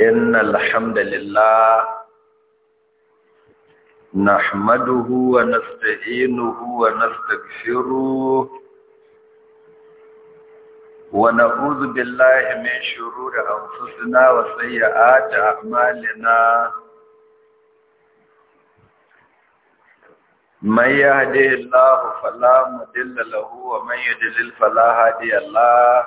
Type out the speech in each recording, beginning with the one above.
إن الحمد لله نحمده ونستعينه ونستغفره ونعوذ بالله من شرور أنفسنا وسيئات أعمالنا من يهدي الله فلا مضل له ومن يضلل فلا هادي الله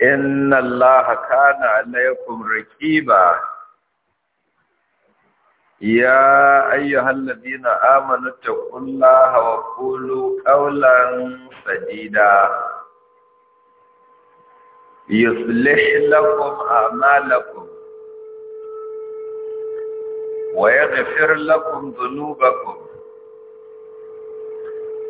inna allaha kana alaykum raqiba ya ayyuhal ladina amanu taqullaha wa qulu qawlan sadida yuslih lakum a'malakum wa yaghfir lakum dhunubakum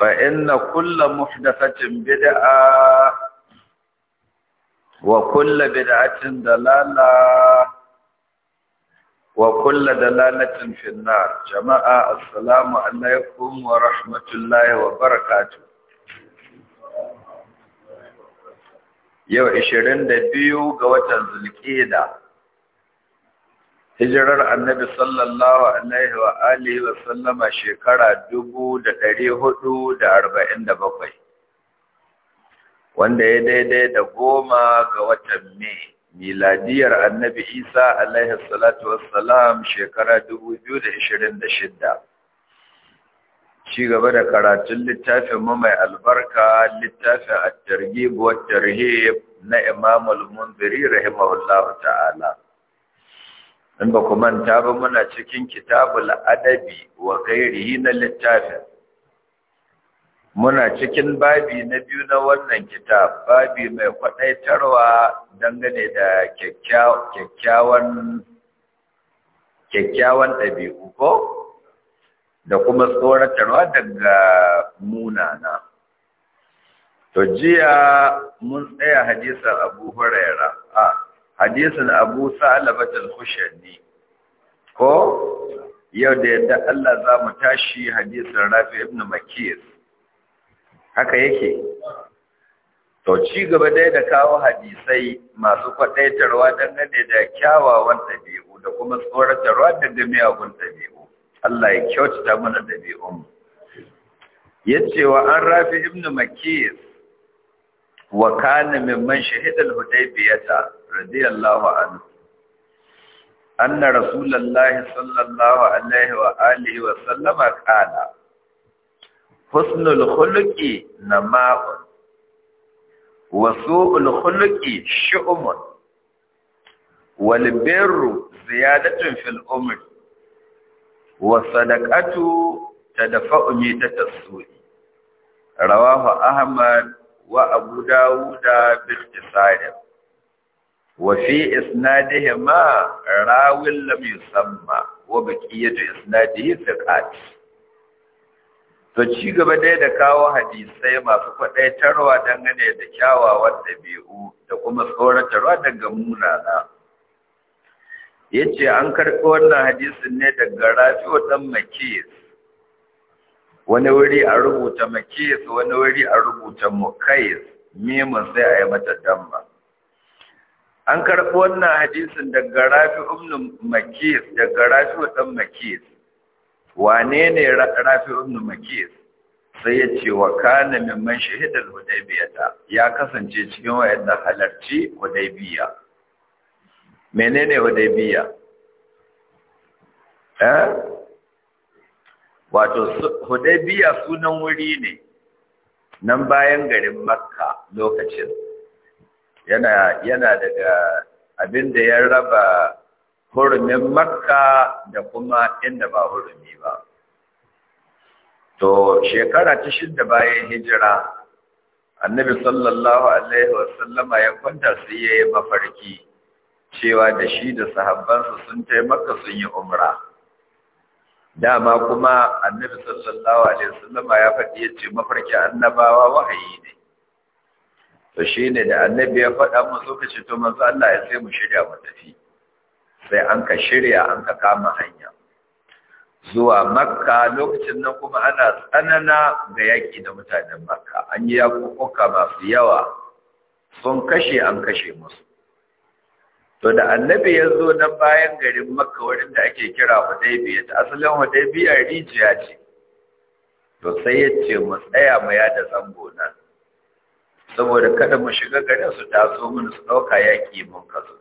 فإن كل محدثة بدعة وكل بدعة دلالة وكل دلالة في النار جماعة السلام عليكم ورحمة الله وبركاته يو 22 ga watan Zulqa'da hijirar annabi sallallahu alaihi wa alihi wa sallama shekara bakwai, wanda ya daidai da goma ga watan mai miladiyar annabi isa alaihi salatu wassalam shekara shidda. ci gaba da karatun littafin mu mai albarka littafin a targibuwar tarihi na imamul munziri rahimahullahu ta'ala in ba ku manta ba muna cikin kitabul adabi wa ghairihi na littafin muna cikin babi na biyu na wannan kitab babi mai kwadaitarwa dangane da kyakkyawan kyakkyawan ɗabi'u ko da kuma tsoratarwa daga munana to jiya mun tsaya hadisan abu huraira a ah, hadisin abu sa'alabat al-khushani ko yau da yadda Allah za mu tashi hadisin rafi ibn makis haka yake to ci gaba dai da kawo hadisai masu kwadaitarwa dangane da kyawawan ɗabi'u da kuma tsoratarwa daga miyagun ɗabi'u Allah ya kyautata mana ɗabi'un yace wa an rafi ibn makis wa kana mimman shahidal hudaybiyata radiyallahu anhu anna rasulullahi sallallahu alaihi wa alihi wa sallama qala husnul khuluqi nama'un wa su'ul khuluqi shu'umun wal birru ziyadatun fil umri wa sadaqatu tadfa'u mitatassu'i rawahu ahmad wa abu dawud وفي إسنادهما راو لم يسمى وبقية إسناده ثقات to ci gaba dai da kawo hadisai masu kwadaitarwa dangane da kyawawan dabi'u da kuma tsoratarwa daga munana yace an karɓi wannan hadisin ne daga Rafi'u dan Makis wani wuri a rubuta Makis wani wuri a rubuta Mukais mimun sai a yi mata damma an karɓi wannan hadisin daga rafi umnu makis daga rafi dan makis wane ne rafi umnu makis sai ya ce wa kana mimman shahidar hudaybiyata ya kasance cikin wayanda halarci hudaybiya menene hudaybiya eh wato hudaybiya sunan wuri ne nan bayan garin makka lokacin yana yana daga abin da ya raba hurumin makka da kuma inda ba hurumi ba to shekara ta shidda bayan hijira annabi sallallahu alaihi wasallama ya kwanta sai ya yi mafarki cewa da shi da sahabbansa sun taimaka sun yi umra dama kuma annabi sallallahu alaihi wasallama ya faɗi ya ce mafarki annabawa wahayi ne to shi ne da annabi ya faɗa musu ka ce to manzo Allah ya sai mu shirya mu tafi sai an ka shirya an ka kama hanya zuwa makka lokacin nan kuma ana tsanana ga yaki da mutanen makka an yi yakukuka masu yawa sun kashe an kashe musu to da annabi ya zo na bayan garin makka wurin da ake kira hudaybiya ta asalin hudaybiya rijiya ce to sai ya ce mu tsaya mu yada zango nan saboda kada mu shiga gare su taso mun su dauka yaki mun kasu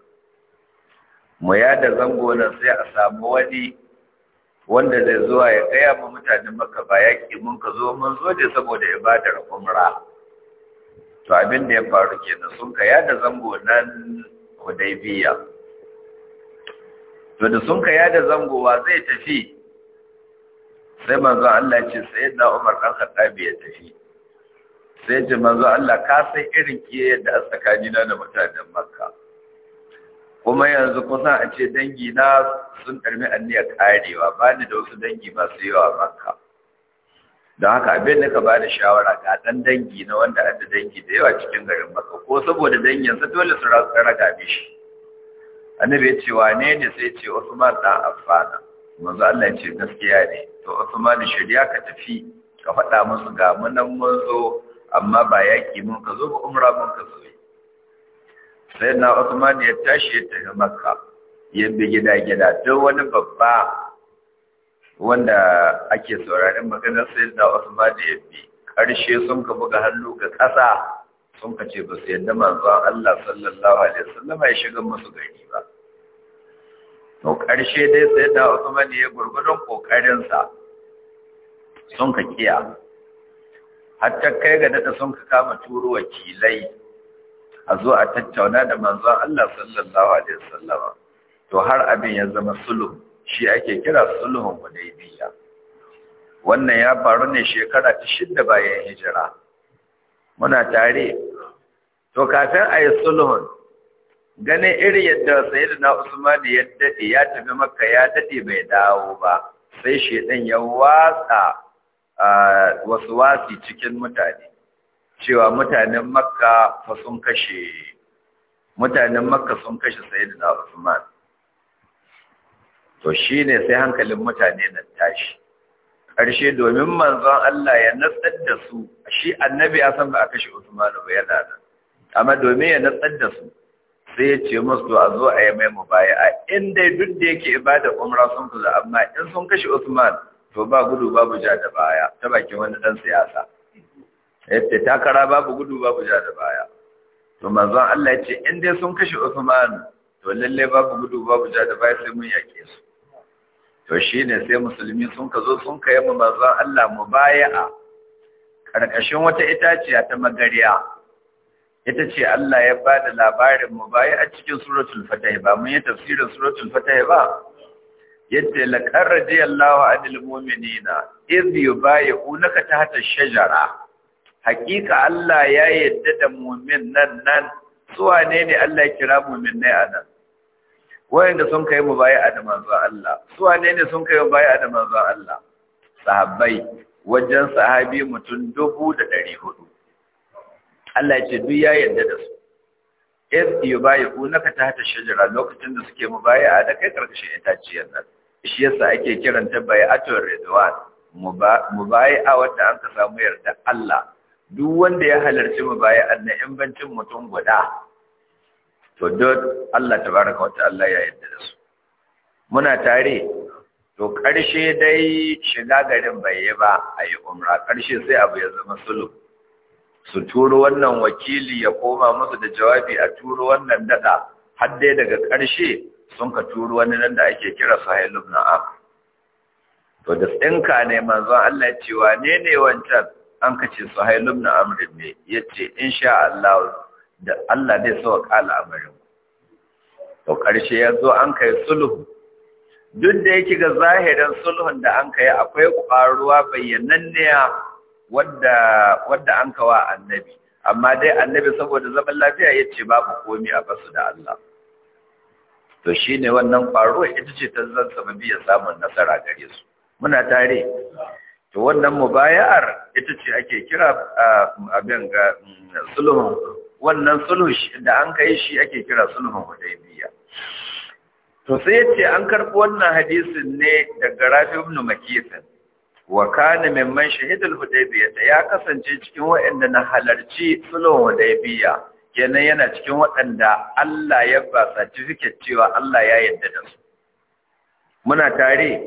mu yada zango nan sai a samu wani wanda zai zuwa ya gaya ma mutanen maka ba yaƙi mun ka zo mun zo ne saboda ibadar umra to abin da ya faru kenan sun ka yada zango nan hudaybiya to da sun ka yada zango wa zai tafi sai manzo Allah ce sayyidina Umar kan Khattab ya tafi sai ce manzo Allah ka san irin kiyaye da a tsakanina da mutanen makka kuma yanzu kusan a ce dangi na sun karmi anniyar karewa ba ni da wasu dangi masu yawa makka don haka abin da ka ba da shawara ga ɗan dangi na wanda an da dangi da yawa cikin garin makka ko saboda danginsa dole su raga mishi annabi ya ce wane ne sai ce Usman dan amfana, manzo Allah ya ce gaskiya ne to Usman shirya ka tafi ka faɗa musu ga munan mun zo amma ba yaki mun ka zo ba umra mun ka zo sai na Usman ya tashi ya tafi Makka ya bi gida-gida duk wani babba wanda ake sauraron maganar sai na osman ya bi ƙarshe sun ka buga hannu ga ƙasa sun ka ce ba su yadda manzo Allah sallallahu alaihi wasallam ya shiga musu gari ba to ƙarshe dai sai na Usman ya gurgurun sa sun ka kiya hatta kai ga dada sun ka kama turo wakilai a zo a tattauna da manzon Allah sallallahu alaihi wasallam to har abin ya zama sulhu shi ake kira sulhun hudaybiya wannan ya faru ne shekara ta shida bayan hijira muna tare to kafin a yi sulhun ganin irin yadda sayyidina Usman ya dade ya tafi Makka ya dade bai dawo ba sai shedan ya watsa wasu wasi cikin mutane cewa mutanen makka fa sun kashe mutanen makka sun kashe sayyidina usman to shine sai hankalin mutane na tashi Karshe domin manzon Allah ya natsar da su shi annabi ya san ba a kashe Usman ba yana da amma domin ya natsar da su sai ya ce musu a zo a yi mai mubaya'a in dai duk da yake ibada umra sun kula amma in sun kashe Usman to ba gudu babu ja da baya ta bakin wani dan siyasa yace takara babu gudu babu ja da baya to manzon Allah yace in dai sun kashe Uthman to lalle babu gudu babu ja da baya sai mun yake su to shine sai musulmi sun ka zo sun kai mu manzon Allah mubaya'a karkashin wata itaciya ta magariya ita ce Allah ya bada labarin mubaya'a cikin suratul fatih ba mun yi tafsirin suratul fatih ba Yadda yace laqad radiyallahu anil mu'minina idh yubayyi'unaka ta hata shajara hakika Allah ya yadda da mu'min nan nan suwa ne ne Allah ya kira mu'min ne nan? wayanda sun kai a da zuwa Allah suwa ne ne sun kai a da zuwa Allah sahabbai wajen sahabi mutum dubu da ɗari hudu. Allah ce duk ya yadda da su. If yi bayi unaka ta hata shajara lokacin da suke mu baya a da kai ƙarƙashin itaciyar nan. shi yasa ake kiranta bai'atul ridwan mubai'a wata an samu yarda Allah duk wanda ya halarci mubai'an na in bancin mutum guda to duk Allah tabaraka wa ta'ala ya yarda da su muna tare to ƙarshe dai shiga garin bai ba ayi umra ƙarshe sai abu ya zama sulu su turo wannan wakili ya koma musu da jawabi a turo wannan dada har dai daga ƙarshe sun ka turu wani nan da ake kira sahil ibn amr to da tsinka ne manzo Allah cewa ne ne wancan an kace sahil ibn amr ne yace insha Allah da Allah zai so ka al'amarin to karshe yazo an kai sulhu duk da yake ga zahirin sulhun da an kai akwai ƙaruwa bayyananne wadda wadda an kawa annabi amma dai annabi saboda zaman lafiya yace babu komai a basu da Allah to shi ne wannan faruwa ita ce ta zan biya samun nasara gare su muna tare to wannan mubaya'ar ita ce ake kira abin ga mm, sulhun wannan sulhu da an kai shi ake kira sulhun hudaybiya to sai ya ce an karɓi wannan hadisin ne daga Rafi ibn Makith wa kana mimman shahidul hudaybiya ya kasance cikin waɗanda na halarci sulhun hudaybiya kenan yana cikin waɗanda Allah ya ba certificate cewa Allah ya yarda da su muna tare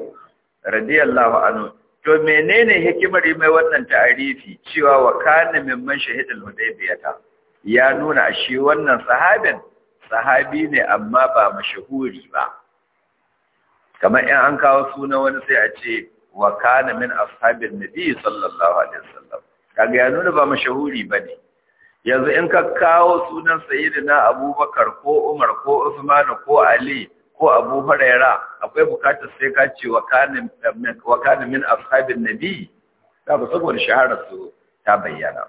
radiyallahu anhu to menene hikimar mai wannan ta'arifi cewa wa kana mimman shahidul hudaybiyata ya nuna ashe wannan sahabin sahabi ne amma ba mashahuri ba kamar in an kawo sunan wani sai a ce wa kana min ashabin nabi sallallahu alaihi wasallam kaga ya nuna ba mashahuri bane yanzu in ka kawo sunan sayyidina abubakar ko umar ko usman ko ali ko abu huraira akwai bukatar sai ka ce wa kanin min ashabin nabi ta ba saboda shahara su ta bayyana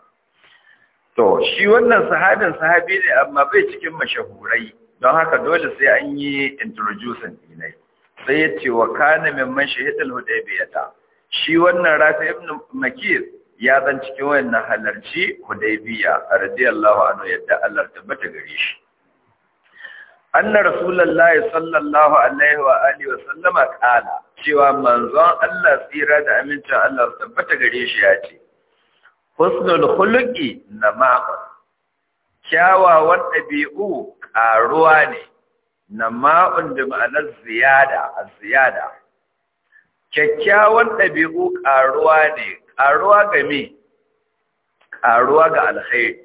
to shi wannan sahabin sahabi ne amma bai cikin mashahurai don haka dole sai an yi introducing dinai sai ya ce wa kanin min man hudaybiyata shi wannan rafi ibn makir ya zan cikin wayannan halarci Hudaybiya radiyallahu anhu yadda Allah bata gare shi anna rasulullahi sallallahu alaihi wa alihi wa sallama qala cewa manzon Allah tsira da amincin Allah bata gare shi ya ce husnul khuluqi namaqun kyawawan dabi'u karuwa ne nama'un da ma'anar ziyada az-ziyada kyakkyawan ɗabi'u ƙaruwa ne ƙaruwa ga me ƙaruwa ga alkhairi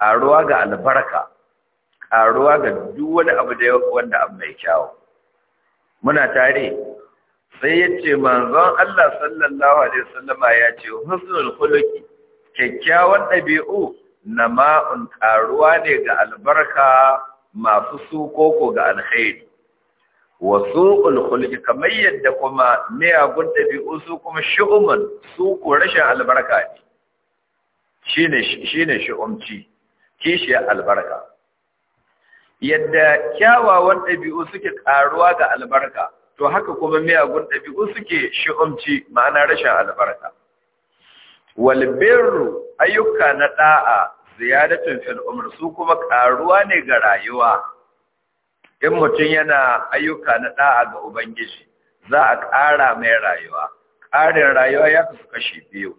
ƙaruwa ga albarka ƙaruwa ga duk wani abu da wanda abu mai kyawu muna tare sai ya ce manzon Allah sallallahu alaihi wasallama ya ce husnul khuluqi kyakkyawan ɗabi'u nama'un ƙaruwa ne ga albarka masu su koko ga alkhairi Wasu su'ul kamar yadda kuma miyagun dabi'u su kuma shi'umun su ko rashin albarka ne shi ne shi'umci kishi albarka yadda kyawawan ɗabi'u suke ƙaruwa ga albarka to haka kuma miyagun ɗabi'u suke shi'umci ma'ana rashin albarka wal ayyuka na ɗa'a ziyadatun fil'umar su kuma ƙaruwa ne ga rayuwa in mutum yana ayyuka na ɗa'a ga ubangiji za a ƙara mai rayuwa ƙarin rayuwa ya fi kashe biyu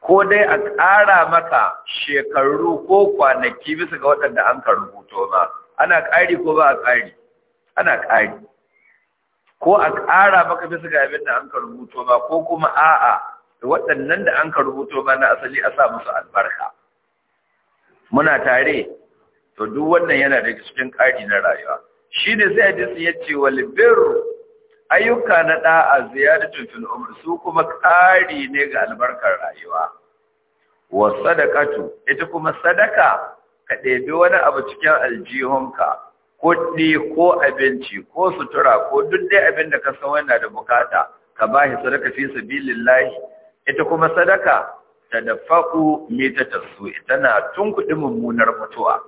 ko dai a ƙara maka shekaru ko kwanaki bisa ga waɗanda an ka rubuto ba ana ƙari ko ba a ƙari ana ƙari ko a ƙara maka bisa ga abin da an ka rubuto ba ko kuma a'a waɗannan da an ka rubuto ba na asali a sa musu albarka muna tare to duk wannan yana da cikin ƙari na rayuwa shi ne sai hadisi ya ce wal birru ayyuka na ɗa'a, ziyaratun fil umr su kuma ƙari ne ga albarkar rayuwa wa sadaqatu ita kuma sadaka ka ɗebi wani abu cikin aljihunka kuɗi ko abinci ko sutura ko duk dai abin da ka san wanda da bukata ka bashi sadaka fi sabilillahi ita kuma sadaka ta dafaku mita tasu tun kuɗi mummunar mutuwa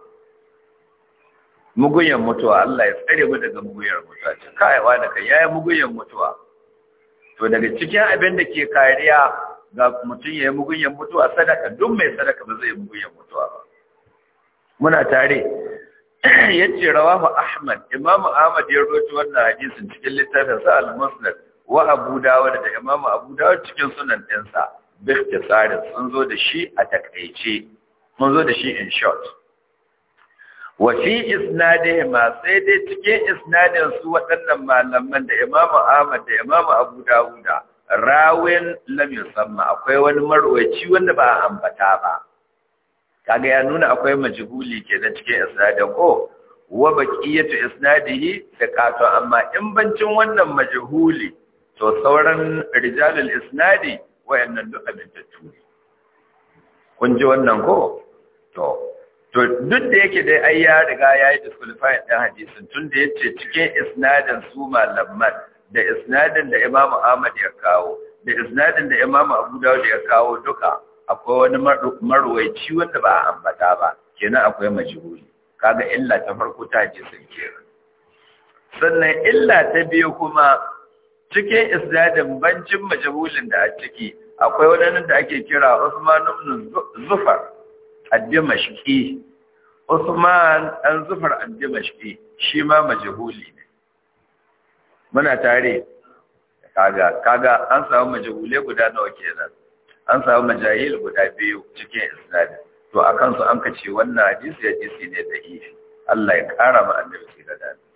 muguyan mutuwa Allah ya tsare mu daga mugunyar mutuwa ce kayawa da kai yayi muguyan mutuwa to daga cikin abin da ke kariya ga mutum yayi muguyan mutuwa sadaka duk mai sadaka ba zai muguyan mutuwa ba muna tare yace rawahu Ahmad Imam Ahmad ya rubuta wannan hadisin cikin littafin sa Al-Musnad wa Abu Dawud da Imam Abu Dawud cikin sunan ɗinsa bi tsarin sun zo da shi a takaice sun zo da shi in short wa fi ma sai dai cikin isnadin su waɗannan malaman da Imam Ahmad da Imam Abu Dawud rawin lam yusamma akwai wani marwaci wanda ba a ambata ba kaga ya nuna akwai majhuli kenan cikin isnadin ko wa baqiyatu isnadihi da kato amma in bancin wannan majhuli to sauran rijalul isnadi wayannan duk abin tattu kun ji wannan ko to to duk da yake dai ai ya riga ya yi disqualify ɗin hadisin tun da yace cikin isnadin su malamman da isnadin da Imam Ahmad ya kawo da isnadin da Imam Abu Dawud ya kawo duka akwai wani marwaici wanda ba a ambata ba kenan akwai majhuli kaga illa ta farko ta hadisin kenan sannan illa ta biyu kuma cikin isnadin bancin majhulin da a ciki akwai wani da ake kira Usman ibn Zufar ad-Dimashqi Usman dan Zufar ad shi ma majhuli ne muna tare kaga kaga an samu majhule guda nawa kenan an samu majahil guda biyu cikin isnad to akan su an kace wannan hadisi ya hadisi ne da ifi Allah ya kara ma annabi da alaihi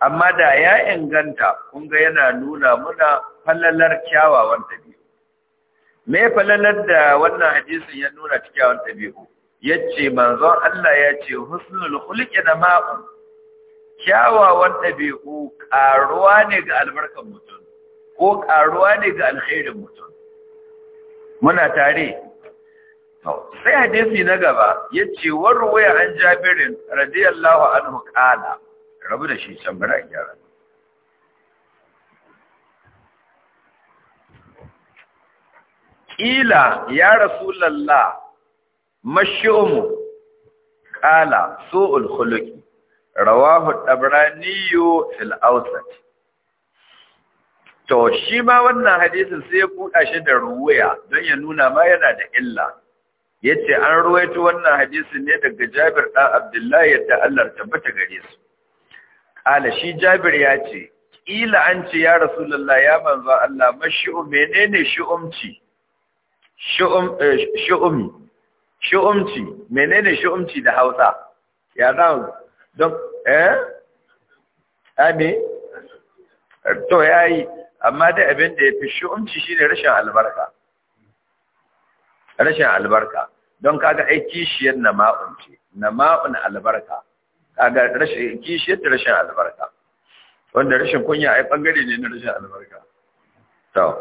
amma da ya inganta kun ga yana nuna muna falalar kyawawan dabi me falalar da wannan hadisin ya nuna cikin ɗabi'u yace manzon Allah ya ce husnul khuluqi da ma'u kyawawan ɗabi'u ƙaruwa ne ga albarkan mutum ko ƙaruwa ne ga alkhairin mutum muna tare sai hadisi na gaba yace warwaya an jabirin radiyallahu anhu qala rabu da shi can bara gyara ƙila ya rasulallah mashumu ƙala su'ul khuluqi rawahu ɗabraniyu fil awsat to shi ma wannan hadisin sai ya buɗa shi da ruwaya don ya nuna ma yana da illa yace an ruwaito wannan hadisin ne daga Jabir ɗan Abdullahi yadda Allah tabbata gare su ƙala shi Jabir ya ce ƙila an ce ya Rasulullah ya manzo Allah mashi'u menene shi'umci shu'umi eh, shu'umci menene shu'umci da Hausa ya za don eh ami to yayi amma da abin da yafi shu'umci shine rashin albarka rashin albarka don kaga ai kishiyar nama'un ce nama'un albarka kaga rashin kishiyar da rashin albarka wanda rashin kunya ai bangare ne na rashin albarka to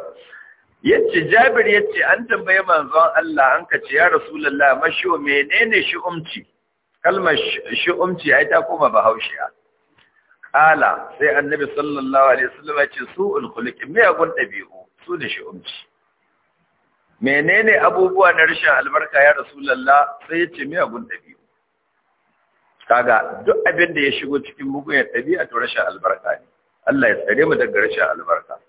yace Jabir yace an tambaye manzon Allah an kace ya Rasulullah mashu menene shi'umci kalmar shi'umci ai ta koma bahaushiya kala sai annabi sallallahu alaihi wasallam yace su'ul khuluq miyagun dabi'u su da shi'umci menene abubuwa na rashin albarka ya Rasulullah sai yace miyagun dabi'u kaga duk abin da ya shigo cikin mugun dabi'a to rashin albarka ne Allah ya tsare mu daga rashin albarka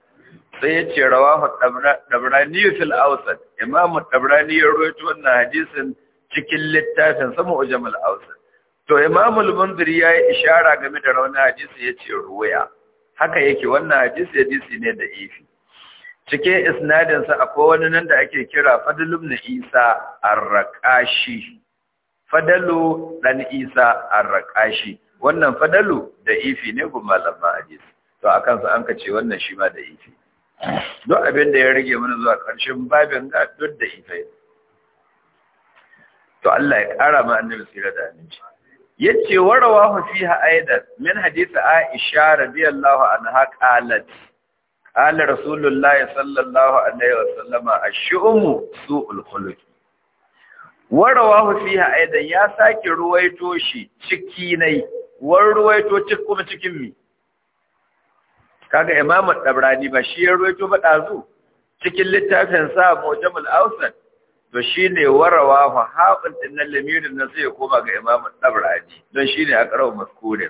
sai ya ce rawahu dabrani fil awsat imam dabrani ya rawaito wannan hadisin cikin littafin sama jamal awsat to imam al-munziri ya yi ishara game da rauni, hadisi ya ce ruwaya haka yake wannan hadisi hadisi ne da ifi cikin isnadinsa sa akwai wani nan da ake kira fadl ibn isa ar-raqashi fadalu dan isa ar-raqashi wannan fadalu da ifi ne kuma malaman hadisi to akan sa an kace wannan shi ma da ifi Duk abin da ya rage mana zuwa ƙarshen babin ga duk da ifai to Allah ya ƙara ma annabi tsira da aminci yace warawa fiha aidan min hadith Aisha radiyallahu anha qalat qala rasulullahi sallallahu alaihi ash su'ul khuluq warawa fiha aidan ya sake ruwaito shi ciki nai war ruwaito cikin cikin mi kaga imamu Dabrani ba shi ya ruwaito ba dazu cikin littafin sa mujamul awsat to shine warawa fa haɓin dinnan lamirin nan sai koma ga imamu Dabrani, don shine a karau maskure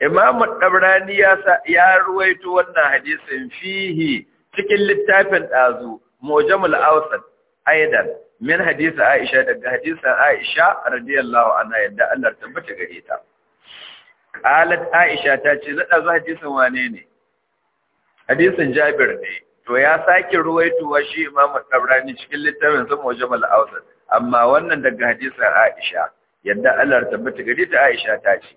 imamu dabrani ya ya ruwaito wannan hadisin fihi cikin littafin dazu mujamul awsat aidan min hadisi Aisha daga hadisin Aisha radiyallahu anha yadda Allah tabbata gare ta qalat Aisha ta ce zada zuwa hadisin wane hadisin Jabir ne to ya sake wa shi imamu Tabrani cikin littafin sa Mujmal Awsat amma wannan daga hadisin Aisha yadda Allah ta bata gari ta Aisha ta ce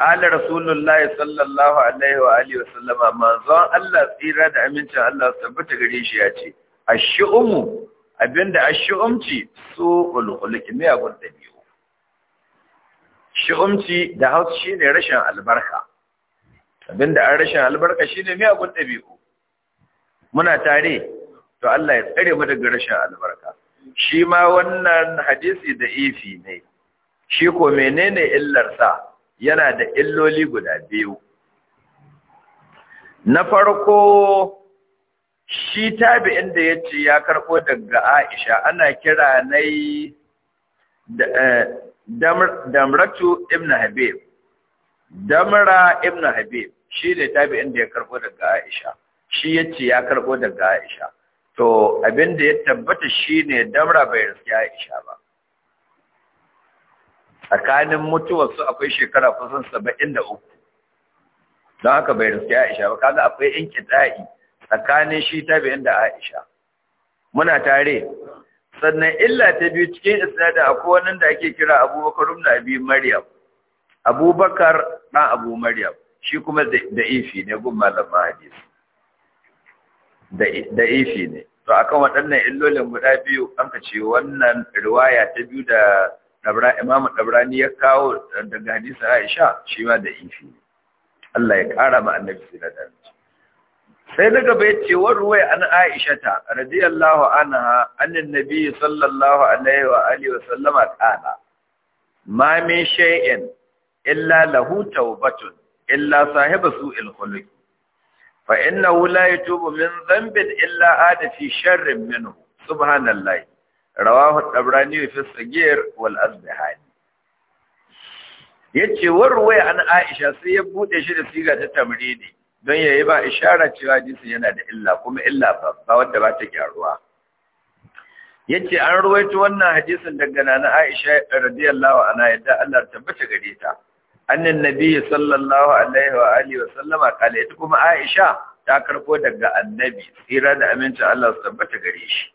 Ala Rasulullah sallallahu alaihi wa alihi wa sallama manzon Allah tsira da amincin Allah tabbata gari shi ya ce ashu'umu shuumu abinda ash su su'ul khuluq miyagun dabi'u Shi'umci da hausa ne rashin albarka abinda an rashin albarka shine miyagun ɗabi'u muna tare to Allah ya tsare mu daga rashin albarka shi ma wannan hadisi da ifi ne shi ko menene illarsa yana da illoli guda biyu na farko shi tabi'in da ya ce ya karɓo daga aisha ana kira nai eh, damratu ibn habib damra ibn habib shi ne tabi'in da ya karbo daga aisha shi yace ya karbo daga aisha to abin da ya tabbata shine damra bai riski aisha ba tsakanin mutuwarsu akwai shekara kusan 73 don haka bai riski aisha ba kaga akwai inkita'i tsakanin shi tabi'in da aisha muna tare sannan illa ta biyu cikin isnada akwai wani da ake kira abubakar ibn abi maryam abubakar ɗan abu maryam shi kuma da ifi ne gun Malam mahadis da ifi ne to akan waɗannan illolin guda biyu an ka ce wannan riwaya ta biyu da imamu dabrani ya kawo daga hadisin aisha shi ma da ifi ne Allah ya ƙara ma annabi na alaihi sai na gaba ya ce wani ruwai an aisha ta radiyallahu anha annin nabi sallallahu alaihi wa alihi wa sallama ƙana ma min shay'in illa lahu tawbatun illa sahiba su'il khuluq fa innahu la yatubu min dhanbin illa ada fi sharrin minhu subhanallahi rawahu at-tabrani fi as wal azbahani yace warwaya an Aisha sai ya bude shi da siga ta tamrini don yayi ba isharar cewa jinsin yana da illa kuma illa ba wanda ba ta gyaruwa yace an ruwaito wannan hadisin daga nana Aisha radiyallahu anha yadda Allah tabbata gare ta annan nabi sallallahu alaihi wa alihi wa sallama kala ita kuma Aisha ta karbo daga annabi tsira da aminci Allah su tabbata gare shi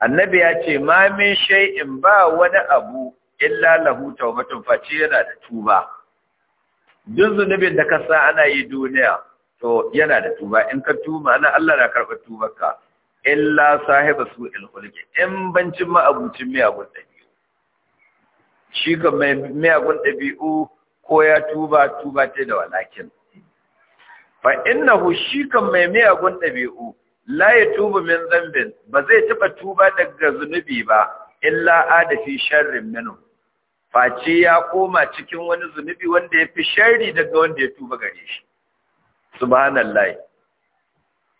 annabi ya ce ma min shay'in ba wani abu illa lahu tawbatun face yana da tuba duk zunubin da ka sa ana yi duniya to yana da tuba in ka tuba na Allah na karba tubarka illa sahiba su ilhulki in bancin abincin miyagun ɗabi'u shi ka mai miyagun ɗabi'u ko ya tuba tuba ta da walakin fa innahu shi kan mai miyagun ɗabi'u la ya tuba min zambin ba zai taɓa tuba daga zunubi ba illa adafi sharrin minu face ya koma cikin wani zunubi wanda ya fi sharri daga wanda ya tuba gare shi subhanallah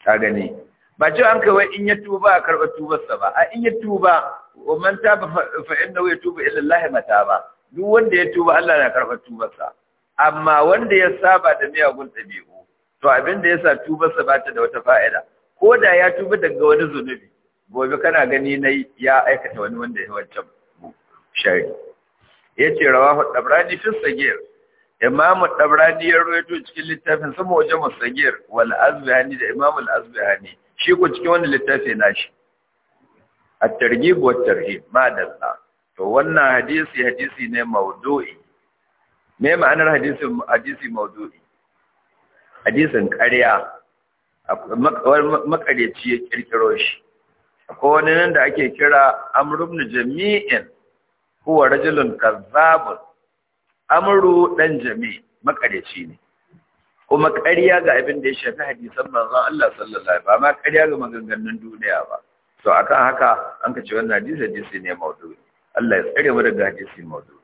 ta gani ba ce an kawai in ya tuba a karɓar tubarsa ba a in ya tuba wa man taba fa innahu tuba ila Allah mataba duk wanda ya tuba Allah na karɓar tubarsa amma wanda ya saba da miyagun ɗabi'u to abinda da yasa tubarsa ba ta da wata fa'ida ko da ya tuba daga wani zunubi gobe kana gani na ya aikata wani wanda ya wancan shari ya ce rawahu ɗabrani fi sagir imamu ɗabrani ya rawaito cikin littafin sama wajen musagir wal azbihani da imamu al azbihani shi ko cikin wani littafi na shi at-targhib wat-tarhib ma dalla to wannan hadisi hadisi ne maudu'i me ma'anar hadisin hadisi maudu'i hadisin ƙarya makareci ya kirkiro shi akwai wani nan da ake kira ibn jami'in huwa rajulun kazzabun amru dan jami makareci ne kuma ƙarya ga abin da ya shafi hadisan manzon Allah sallallahu alaihi wasallam ba ma ƙarya ga maganganun duniya ba to akan haka an kace wannan hadisi hadisi ne maudu'i Allah ya tsare mu daga hadisi mawdu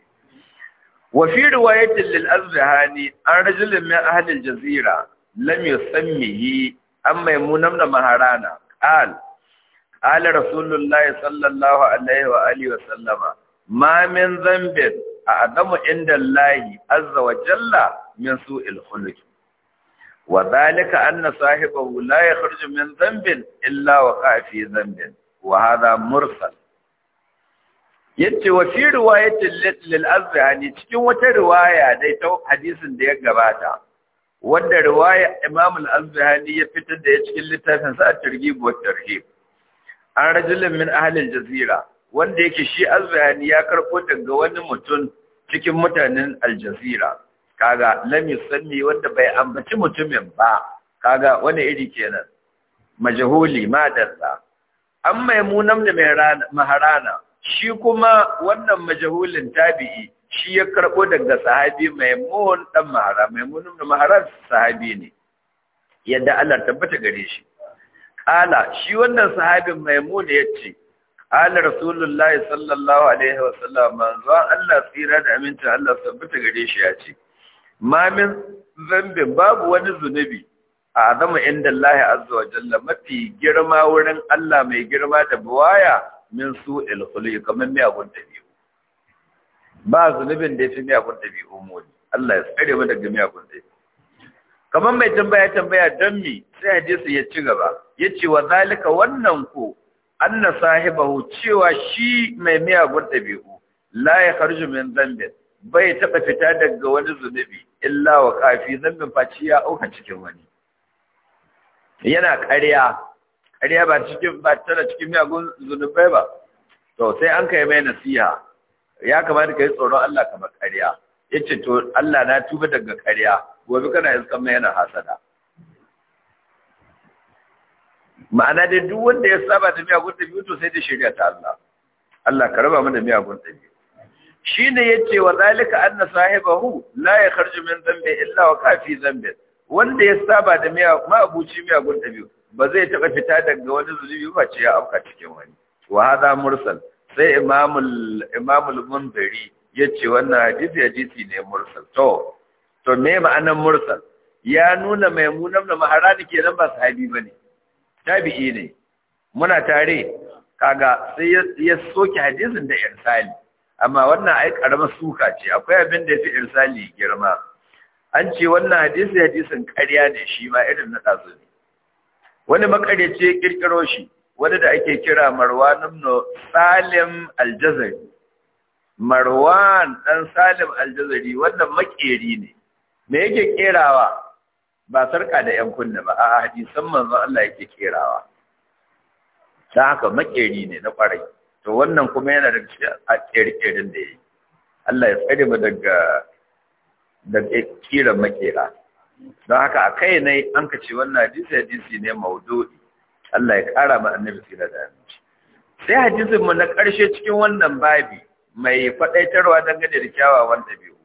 wa fi riwayatin lil azhani an rajulin min ahli al jazira lam yusammihi an maimuna maharana qal qala rasulullahi sallallahu alaihi wa alihi wa sallama ma min dhanbin Adamu inda Allah azza wa jalla min su'il khuluq wa dhalika anna sahibahu la yakhruju min dhanbin illa wa qafi dhanbin wa hadha mursal yace wa fi riwayatil lil azhani cikin wata riwaya dai ta hadisin da ya gabata wanda riwaya imam al azhani ya fitar da cikin littafin sa targhib wa tarhib an rajulin min ahli al jazira wanda yake shi azhani ya karbo daga wani mutum cikin mutanen al jazira kaga lam yusanni wanda bai ambaci mutumin ba kaga wani iri kenan majhuli ma An amma maimunam da maharana shi kuma wannan majahulin tabi'i shi ya karɓo daga sahabi maimun ɗan mahara maimun da mahara sahabi ne yadda Allah tabbata gare shi ƙala shi wannan sahabin maimun ya ce ƙala rasulullahi sallallahu alaihi wasallam manzo Allah tsira da aminta Allah tabbata gare shi ya ce ma min zambin babu wani zunubi a azama inda Allah azza wa jalla mafi girma wurin Allah mai girma da buwaya min su ilhuli kamar miyagun ɗabi'u ba zunubin da ya fi miyagun ɗabi'u muni Allah ya tsare mu daga miyagun ɗabi'u kamar mai tambaya tambaya don mi sai hadisi ya ci gaba ya ce wa zalika wannan ko anna sahibahu cewa shi mai miyagun ɗabi'u la ya kharju min dhanbin bai taɓa fita daga wani zunubi illa wa kafi zambin faci ya auka cikin wani yana ƙarya ariya ba cikin ba cikin miyagun zunubai ba to sai an kai mai nasiha ya kamata ka yi tsoron Allah kamar ƙarya yace to Allah na tuba daga ƙarya gobe kana iskan mai yana hasada ma'ana da duk wanda ya saba da miyagun ɗabi'u to sai da shirya ta Allah Allah ka raba mu da miyagun ɗabi'u shine yace wa zalika anna sahibahu la yakharju min dhanbi illa wa kafi dhanbi wanda ya saba da miyagun ma abuci miyagun ɗabi'u ba zai taɓa fita daga wani zulubi ba ce ya afka cikin wani wa hada mursal sai imamul imamul ya yace wannan hadisi hadisi ne mursal to to me ma'anar mursal ya nuna maimunan da maharani kenan ba sahabi bane tabi'i ne muna tare kaga sai ya soke hadisin da irsali amma wannan ai karamar suka ce akwai abin da ya fi irsali girma an ce wannan hadisi hadisin ƙarya ne shi ma irin na tsatsu wani makareci ya kirkiro shi wani da ake kira marwan ibn salim aljazari marwan dan salim aljazari wanda makeri ne me yake kerawa ba sarka da yan kunna ba a hadisan manzo Allah yake kerawa dan haka makeri ne na kwarai to wannan kuma yana da a kirkirin da yake Allah ya tsare mu daga daga kira makera don haka a kai ne an ka ce wannan hadisi hadisi ne maudu'i Allah ya kara ma annabi tsira da aminci sai hadisin mu na karshe cikin wannan babi mai faɗaitarwa dangane da kyawawan dabi'u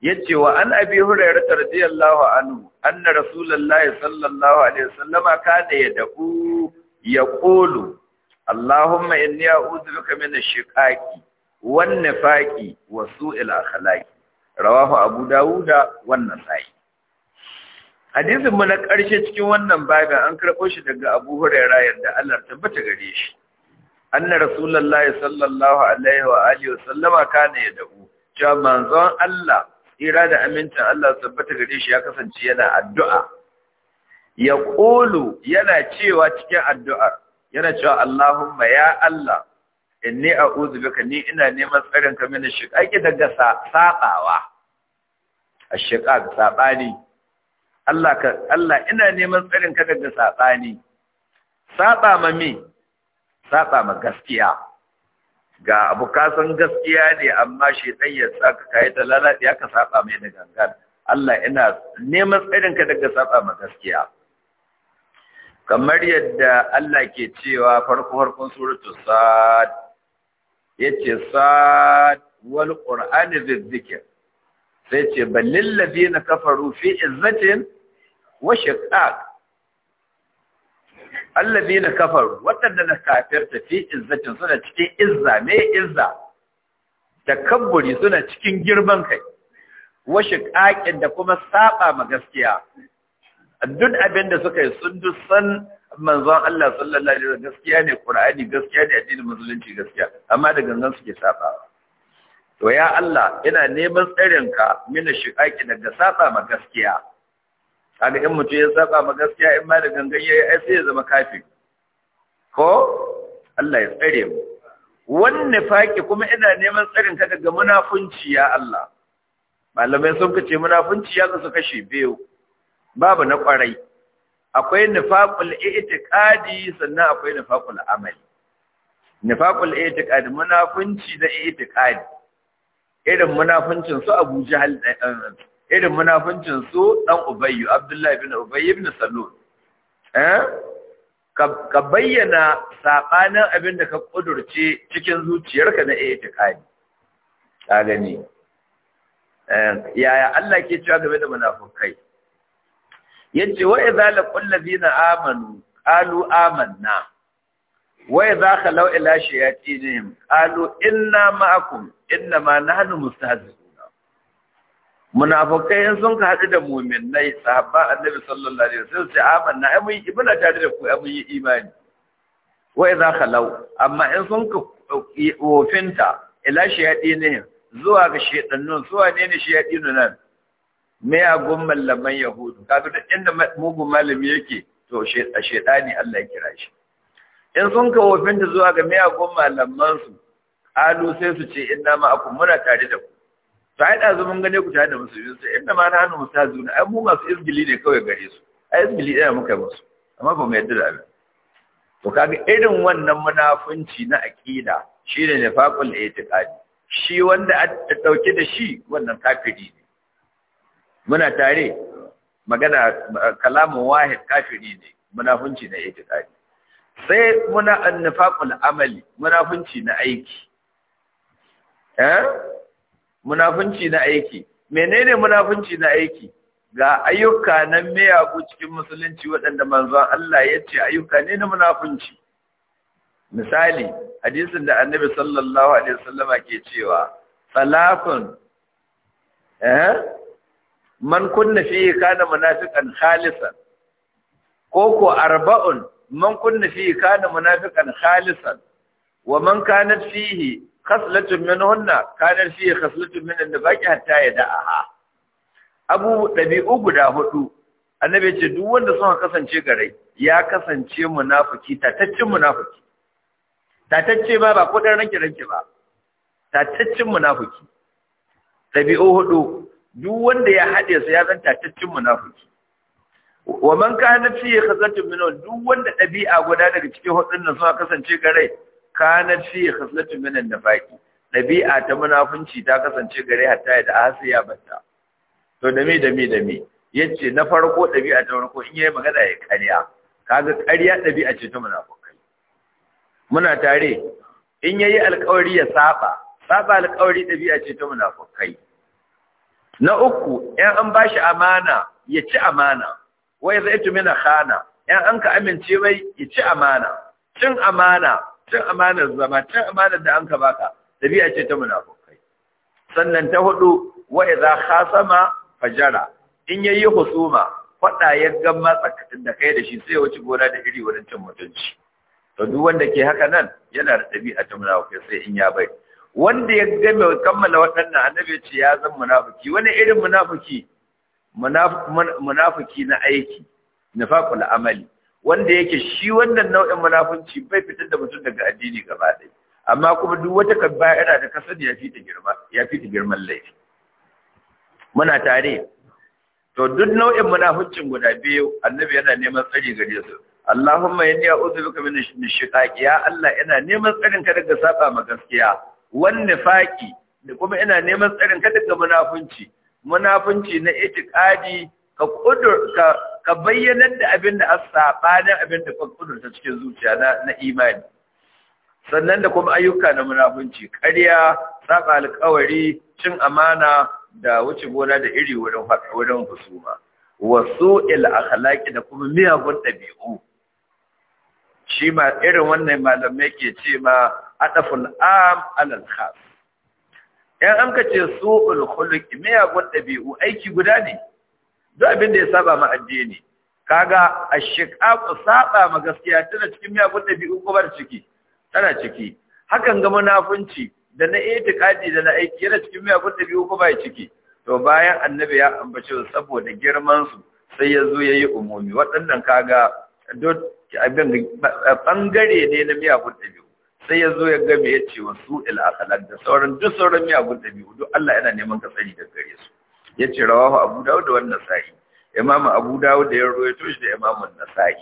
yace wa an abi hurairah radiyallahu anhu anna rasulullahi sallallahu alaihi wasallama kana yad'u yaqulu allahumma inni a'udhu bika min ash-shiqaqi wan nifaqi wa su'il akhlaqi rawahu abu dawuda wannan hadisin mu na ƙarshe cikin wannan babin an karɓo shi daga Abu hurera yadda Allah tabbata gare shi anna rasulullahi sallallahu alaihi wa alihi sallama kana ya dabu cewa manzon Allah tsira da amincin Allah tabbata gare shi ya kasance yana addu'a ya ƙulu yana cewa cikin addu'ar yana cewa Allahumma ya Allah inni a'udhu bika ni ina neman tsarin ka mini shiqaqi daga sabawa ashiqaq saɓani. Allah ka Allah ina neman tsarin ka daga saɓani. Saɓa ma me saɓa ma gaskiya ga abu ka san gaskiya ne amma shi ɗan ya saka kai ta lalace ka saɓa mai da gangan Allah ina neman tsarin ka daga Saɓa ma gaskiya kamar yadda Allah ke cewa farko farkon suratul sad yace sad wal qur'ani bizikr sai ce balil na kafaru fi izzatin wa shiqaq na kafaru wadanda na kafirta fi izzatin suna cikin izza me izza Da kaburi suna cikin girman kai wa shiqaqin da kuma saba ma gaskiya duk abinda suka yi sun dusan manzon Allah sallallahu alaihi wasallam gaskiya ne Qur'ani gaskiya ne addinin musulunci gaskiya amma da gangan suke saba to ya Allah ina neman tsarinka mina aiki daga saba ma gaskiya kaga in mutum ya saba ma gaskiya in ma da gangan yayi ai sai ya zama kafi. ko Allah ya tsare mu Wanne faki kuma ina neman tsarinka daga munafunci ya Allah malamai sun kace munafunci ya su kashi biyu babu na kwarai akwai nifaqul i'tiqadi sannan akwai nifaqul amali nifaqul i'tiqadi munafunci da i'tiqadi irin munafincin su Abu Jahal eh, eh, irin munafincin su dan Ubayy Abdullahi ibn Ubayy ibn Salul eh ka bayyana sabanin abin da ka kudurce cikin zuciyarka na i'tiqadi ka gani eh, yaya Allah ke cewa game da munafukai yace wa idza laqul ladina amanu qalu amanna wai za ka lau ila shayatinihim qalu inna ma'akum inna ma nahnu mustahzi'una munafikai in sun ka hadu da mu'minai sahabba annabi sallallahu alaihi wasallam sai amanna ai mun yi muna tare da ku ai mun yi imani wai za ka lau amma in sun ka wofinta ila shayatinihim zuwa ga shaydanun zuwa ne ne shaydanun nan mayagun mallaman yahudu kaga duk inda mugun malami yake to shedani Allah ya kira shi in sun ka da zuwa ga miyagun malamansu alu sai su ce inna ma aku muna tare da ku to ai da mun gane ku tare da musulmi sai inna ma ta zuna ai mu masu izgili ne kawai gare su ai izgili ɗaya muka musu amma ba mu yadda da abin to kaga irin wannan munafunci na shi ne nifaqul i'tiqadi shi wanda a dauke da shi wannan kafiri ne muna tare magana kalamun wahid kafiri ne munafunci na i'tiqadi sai muna annifaqul amali munafunci na aiki eh munafunci na aiki menene munafunci na aiki ga ayyuka nan miyagu cikin musulunci waɗanda manzon Allah ya ce ayyuka ne na munafunci misali hadisin da annabi sallallahu alaihi wasallama ke cewa salafun eh man kunna fihi kana munafiqan khalisan koko arba'un man kunna fihi kana munafukan khalisan wa man kanat fihi khaslatun minhunna kanat fihi khaslatun min an-nifaqi hatta yada'aha abu dabi'u guda hudu annabi ce duk wanda suka kasance gare ya kasance munafiki tataccen munafiki tatacce ba ba kudin ranke ranke ba tataccen munafiki dabi'u hudu duk wanda ya haɗe su ya zan tataccen munafiki wa man kana fi khazlatun min duk wanda dabi'a guda daga cikin hudun nan suka kasance gare kana fi khazlatun min nafaqi dabi'a ta munafunci ta kasance gare hatta ya da asiya batta to da me da me da me yace na farko dabi'a ta farko in yayi magana ya kariya kaga kariya dabi'a ce ta munafukai muna tare in yayi alƙawari ya saba saba alƙawari dabi'a ce ta munafukai na uku in an bashi amana ya ci amana Wai zai idza na khana yan an ka amince mai ya ci amana cin amana cin amana zama cin amanar da an ka baka dabi'a ce ta munafukai sannan ta hudu wa idza khasama fajara in yayi husuma fada ya gamma tsakanin da kai da shi sai ya wuce gona da iri wurin cin mutunci to duk wanda ke haka nan yana da dabi'a ta munafukai sai in ya bai wanda ya game kammala waɗannan annabi ce ya zan munafiki wani irin munafiki munafiki na aiki nafaqul amali wanda yake shi wannan nau'in munafunci bai fitar da mutum daga addini gaba ɗaya amma kuma duk wata yana da kasani ya fi girma ya fi girman laifi muna tare to duk nau'in munafuncin guda biyu annabi yana neman tsari gare su Allahumma inni a'udhu bika min shiqaqi ya Allah ina neman tsarin ka daga saba ma gaskiya Wannan nifaqi da kuma ina neman tsarin ka daga munafunci munafunci na itikadi ka kudur ka ka bayyanar da abin da as da abin da kudur ta cikin zuciya na na imani sannan da kuma ayyuka na munafunci ƙarya saba alƙawari cin amana da wuce gona da iri wurin wurin husuma wasu il akhlaqi da kuma miyagun ɗabi'u shi ma irin wannan malamai ke ce ma adaful am alal khas yan an ka ce su khuluqi miyagun ɗabi'u aiki guda ne duk abin da ya saba ma addini kaga ku saba ma gaskiya tana cikin miyagun ɗabi'u ko bar ciki tana ciki hakan ga munafunci da na itikadi da na aiki yana cikin miyagun ɗabi'u ko bai ciki to bayan annabi ya ambace su saboda girman su sai ya zo yayi umumi waɗannan kaga duk abin bangare ne na miyagun ɗabi'u sai ya zo ya ga ya ce wa su il aqlan da sauran duk sauran miyagun dabi'u duk Allah yana neman ka tsari da gare su Ya yace rawahu Abu dawo da wannan sa'i imamu Abu dawo da ya rawaito shi da imamu na sai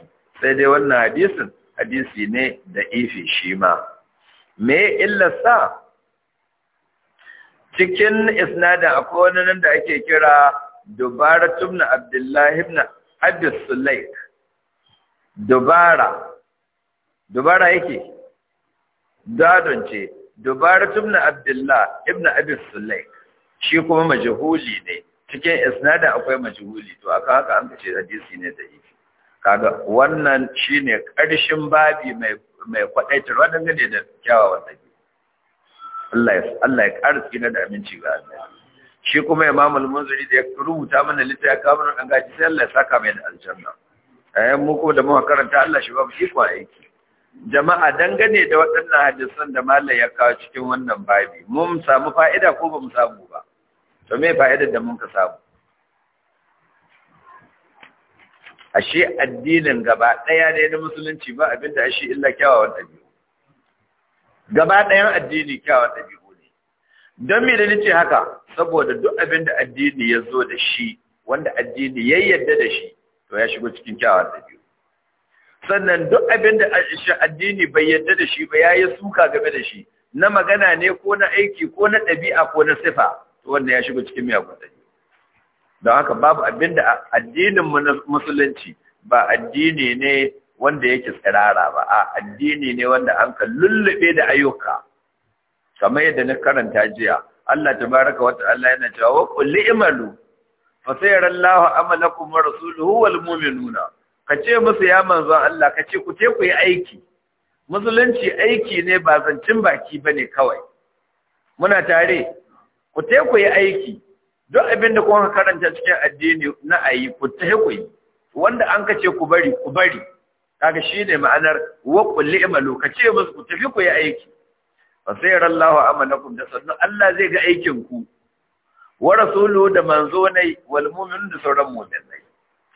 Sai dai wannan hadisin hadisi ne da ifi shi ma me illasa cikin isnadin akwai wani nan da ake kira Dubara tumna Abdullah ibn abdus Sulaik Dubara Dubara yake dadon ce dubarat ibn abdullah ibn abi sulaik shi kuma majhuli ne cikin isnadin akwai majhuli to aka haka an ce hadisi ne da yake kaga wannan shine karshen babi mai mai kwadaitar wannan gane da kyawawan take Allah ya Allah ya karfi na da aminci ga Allah shi kuma Imam al-Munziri da ya rubuta mana littafin kamar an gaji sai Allah ya saka mai da aljanna ayan 'yan muku da muka karanta Allah shi babu kwa aiki jama'a dangane da waɗannan hadisan da Malam ya kawo cikin wannan babi mun samu fa'ida ko ba mu samu ba to me fa'idar da mun ka samu ashe addinin gaba ɗaya ne na musulunci ba abinda ashe illa kyawawan ɗabi'u gaba ɗayan addini kyawawan ɗabi'u ne don me da ce haka saboda duk abinda addini ya zo da shi wanda addini ya yarda da shi to ya shigo cikin kyawawan ɗabi'u sannan duk abin da addini bai yadda da shi ba ya yi suka game da shi na magana ne ko na aiki ko na ɗabi'a ko na sifa to wannan ya shiga cikin miyagun ɗari don haka babu abin da addinin musulunci ba addini ne wanda yake tsirara ba a addini ne wanda an ka lullube da ayyuka kamar yadda na karanta jiya Allah tabaraka wa ta'ala yana cewa qul li'malu fa sayara Allahu amalakum wa rasuluhu wal mu'minuna ka ce musu ya manzon Allah ka ce ku te ku yi aiki musulunci aiki ne ba zancin baki bane kawai muna tare ku te ku yi aiki duk abin da kuka karanta cikin addini na ayi ku te ku yi wanda an ka ce ku bari ku bari kaga shine ma'anar wa kulli imalu ka ce musu ku tafi ku yi aiki fa sayyarallahu amanakum da sannan Allah zai ga aikin ku wa rasuluhu da manzo ne wal mu'minu da sauran mu'minai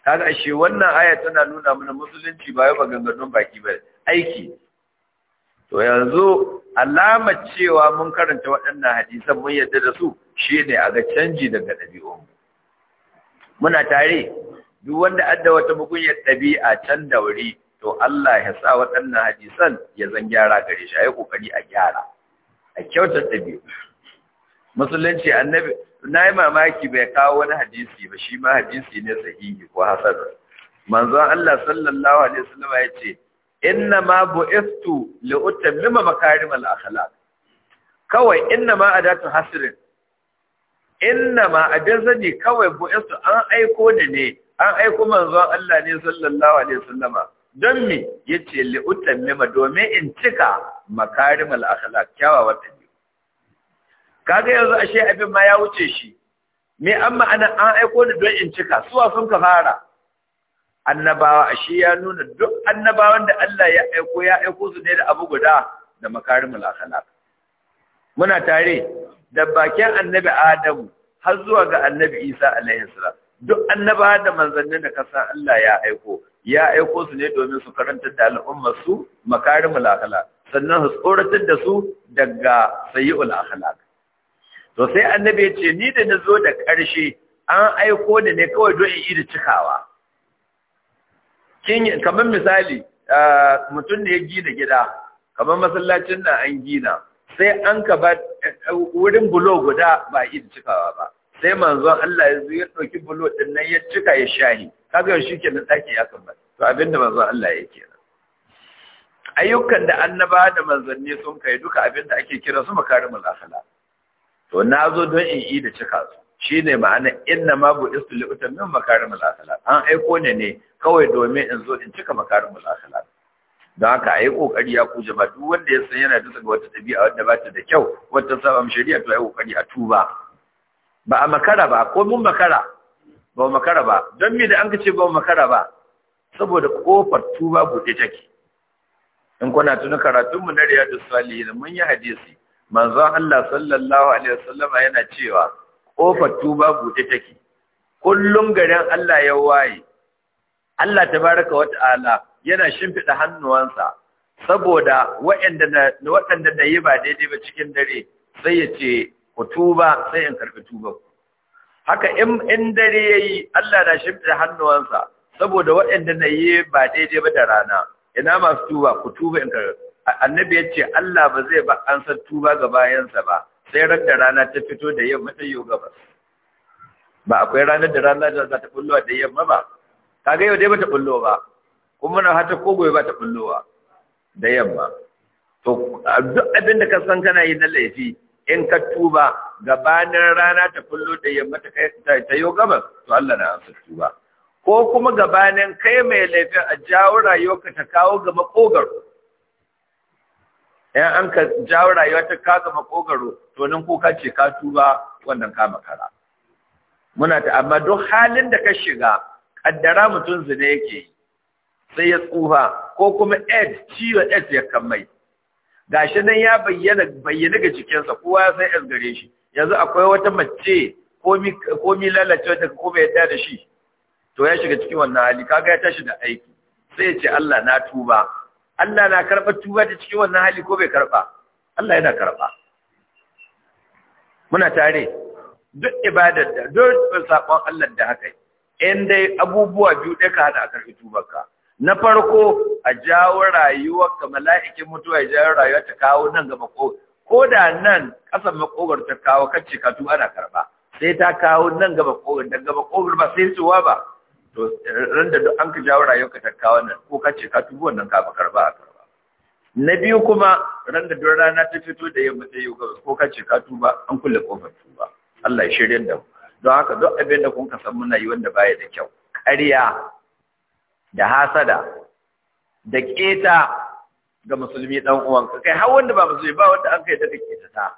kaga ashe wannan aya tana nuna mana musulunci ba yau maganganun baki ba aiki to yanzu alamar cewa mun karanta waɗannan hadisan mun yadda da su shi ne a ga canji daga ɗabi'un muna tare duk wanda adda wata mugunyar ɗabi'a can da wuri to Allah ya sa waɗannan hadisan ya zan gyara gare shi a yi ƙoƙari a gyara a kyautar ɗabi'u musulunci annabi na yi mamaki bai kawo wani hadisi ba shi ma hadisi ne sahihi ko hasan manzon Allah sallallahu alaihi wasallam ya ce inna ma bu'istu li utammima al akhlaq kawai inna ma adatu hasrin inna ma abin zani kawai bu'istu an aiko da ne an aiko manzon Allah ne sallallahu alaihi wasallama don me yace li utammima domin in cika al akhlaq kyawawan kaga yanzu ashe abin ma ya wuce shi me an ma'ana an aiko ni don in cika suwa sun ka fara annabawa ashe ya nuna duk annabawan da Allah ya aiko ya aiko su ne da abu guda da makarimul akhlaq muna tare da bakin annabi adam har zuwa ga annabi Isa alaihi salam duk annabawa da manzanni da kasa Allah ya aiko ya aiko su ne domin su karanta da al'ummar su makarimul akhlaq sannan su tsoratar da su daga sayyul akhlaq to sai annabi ya ce ni da na zo da ƙarshe an aiko da ne kawai don in da cikawa kamar misali mutum da ya gina gida kamar masallacin nan an gina sai an ka ba wurin bulo guda ba da cikawa ba sai manzon Allah ya zo ya ɗauki bulo ɗin nan ya cika ya shahi kaga shi ke nan ɗaki ya ba, to abinda manzon Allah ya ke ayyukan da annaba da manzanni sun kai duka abinda ake kira su makarimul akhlaq to na zo don in yi da cika su shi ne ma'ana inna ma bu isu li min makarimul akhlaq an aiko ne ne kawai domin in zo in cika makarimul akhlaq don haka ai, kokari ya kuje ba duk wanda ya san yana bisa ga wata tabi'a wadda ba ta da kyau wata sabam shari'a to ai kokari a tuba ba a makara ba ko mun makara ba makara ba don me da an kace ba makara ba saboda kofar tuba buɗe take in kuna tuna karatunmu na riyadu salihin mun yi hadisi manzon Allah sallallahu alaihi wasallama yana cewa kofar tuba buɗe take kullum garin Allah ya waye Allah tabaraka wa ta'ala yana shimfida hannuwansa saboda waɗanda waɗanda da yi ba daidai ba cikin dare sai ya ce ku tuba sai in karbi tuba haka in dare yayi Allah na shimfida hannuwansa saboda waɗanda na yi ba daidai ba da rana ina masu tuba ku tuba in karbi annabi ya ce Allah ba zai ba an san tuba ga bayansa ba sai ran da rana ta fito da yamma ta yau gabas ba akwai ranar da rana za ta bullowa da yamma ba kaga yau dai ba ta bullo ba kuma na hata ko gobe ba ta bullowa da yamma to duk abin da ka san kana yi na laifi in ka tuba gabanin rana ta bullo da yamma ta kai ta yau gabas to Allah na amsa tuba ko kuma gabanin kai mai laifin a jawo rayuwarka ta kawo ga makogaro Yan an ka jawo rayuwa ta kogaro, makogaro to nan kuka ce ka tuba wannan ka makara muna ta amma duk halin da ka shiga kaddara mutum zina yake sai ya tsufa ko kuma aids ciwon aids ya kan kammai gashi nan ya bayyana bayyana ga jikinsa kowa ya san aids gare shi yanzu akwai wata mace komi komi lalacewa ta ko bai yarda da shi to ya shiga cikin wannan hali kaga ya tashi da aiki sai ya ce Allah na tuba Allah na karɓar tuba ta cikin wannan hali ko bai karɓa Allah yana karɓa muna tare duk ibadar da duk sakon Allah da haka in dai abubuwa biyu ɗaya ka hada a karɓi tubarka na farko a jawo rayuwar ka mala'ikin mutuwa ya jawo rayuwa ta kawo nan ga mako ko da nan ƙasar makogar ta kawo kacce ka tuba ana karɓa sai ta kawo nan ga makogar daga makogar ba sai suwa ba to ran da duk an ka jawo rayuwarka ka kawo wannan ko ka ce ka tubu wannan ka ba karba a karba na biyu kuma ran da duk rana ta fito da yamma ta yau ko ka ce ka tuba an kulle kofar tuba Allah ya shirye da mu don haka duk abin da kun ka san muna yi wanda baya da kyau ƙarya da hasada da keta ga musulmi dan uwanka kai har wanda ba musulmi ba wanda an kai da kake ta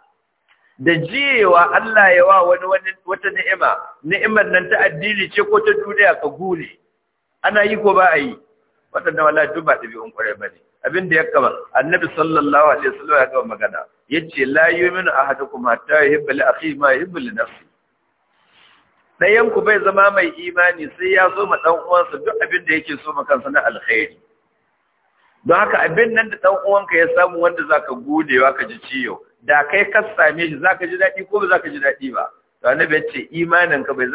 da jiyewa Allah ya wa wani wata ni'ima ni'imar nan ta addini ce ko ta duniya ka gure ana yi ko ba a yi wadanda wala duba da ɗabi'un ƙwarai bane. abin da ya kama annabi sallallahu alaihi wasallam ya gama magana yace la yu'minu ahadukum hatta yuhibba li akhihi ma yuhibbu li nafsihi dayan ku bai zama mai imani sai ya so ma dan uwansa duk abin da yake so ma kansa na alkhairi don haka abin nan da dan uwanka ya samu wanda zaka godewa ka ji ciyo da kai ka same shi zaka ji daɗi ko ba zaka ji daɗi ba to annabi ya ce imanin ka bai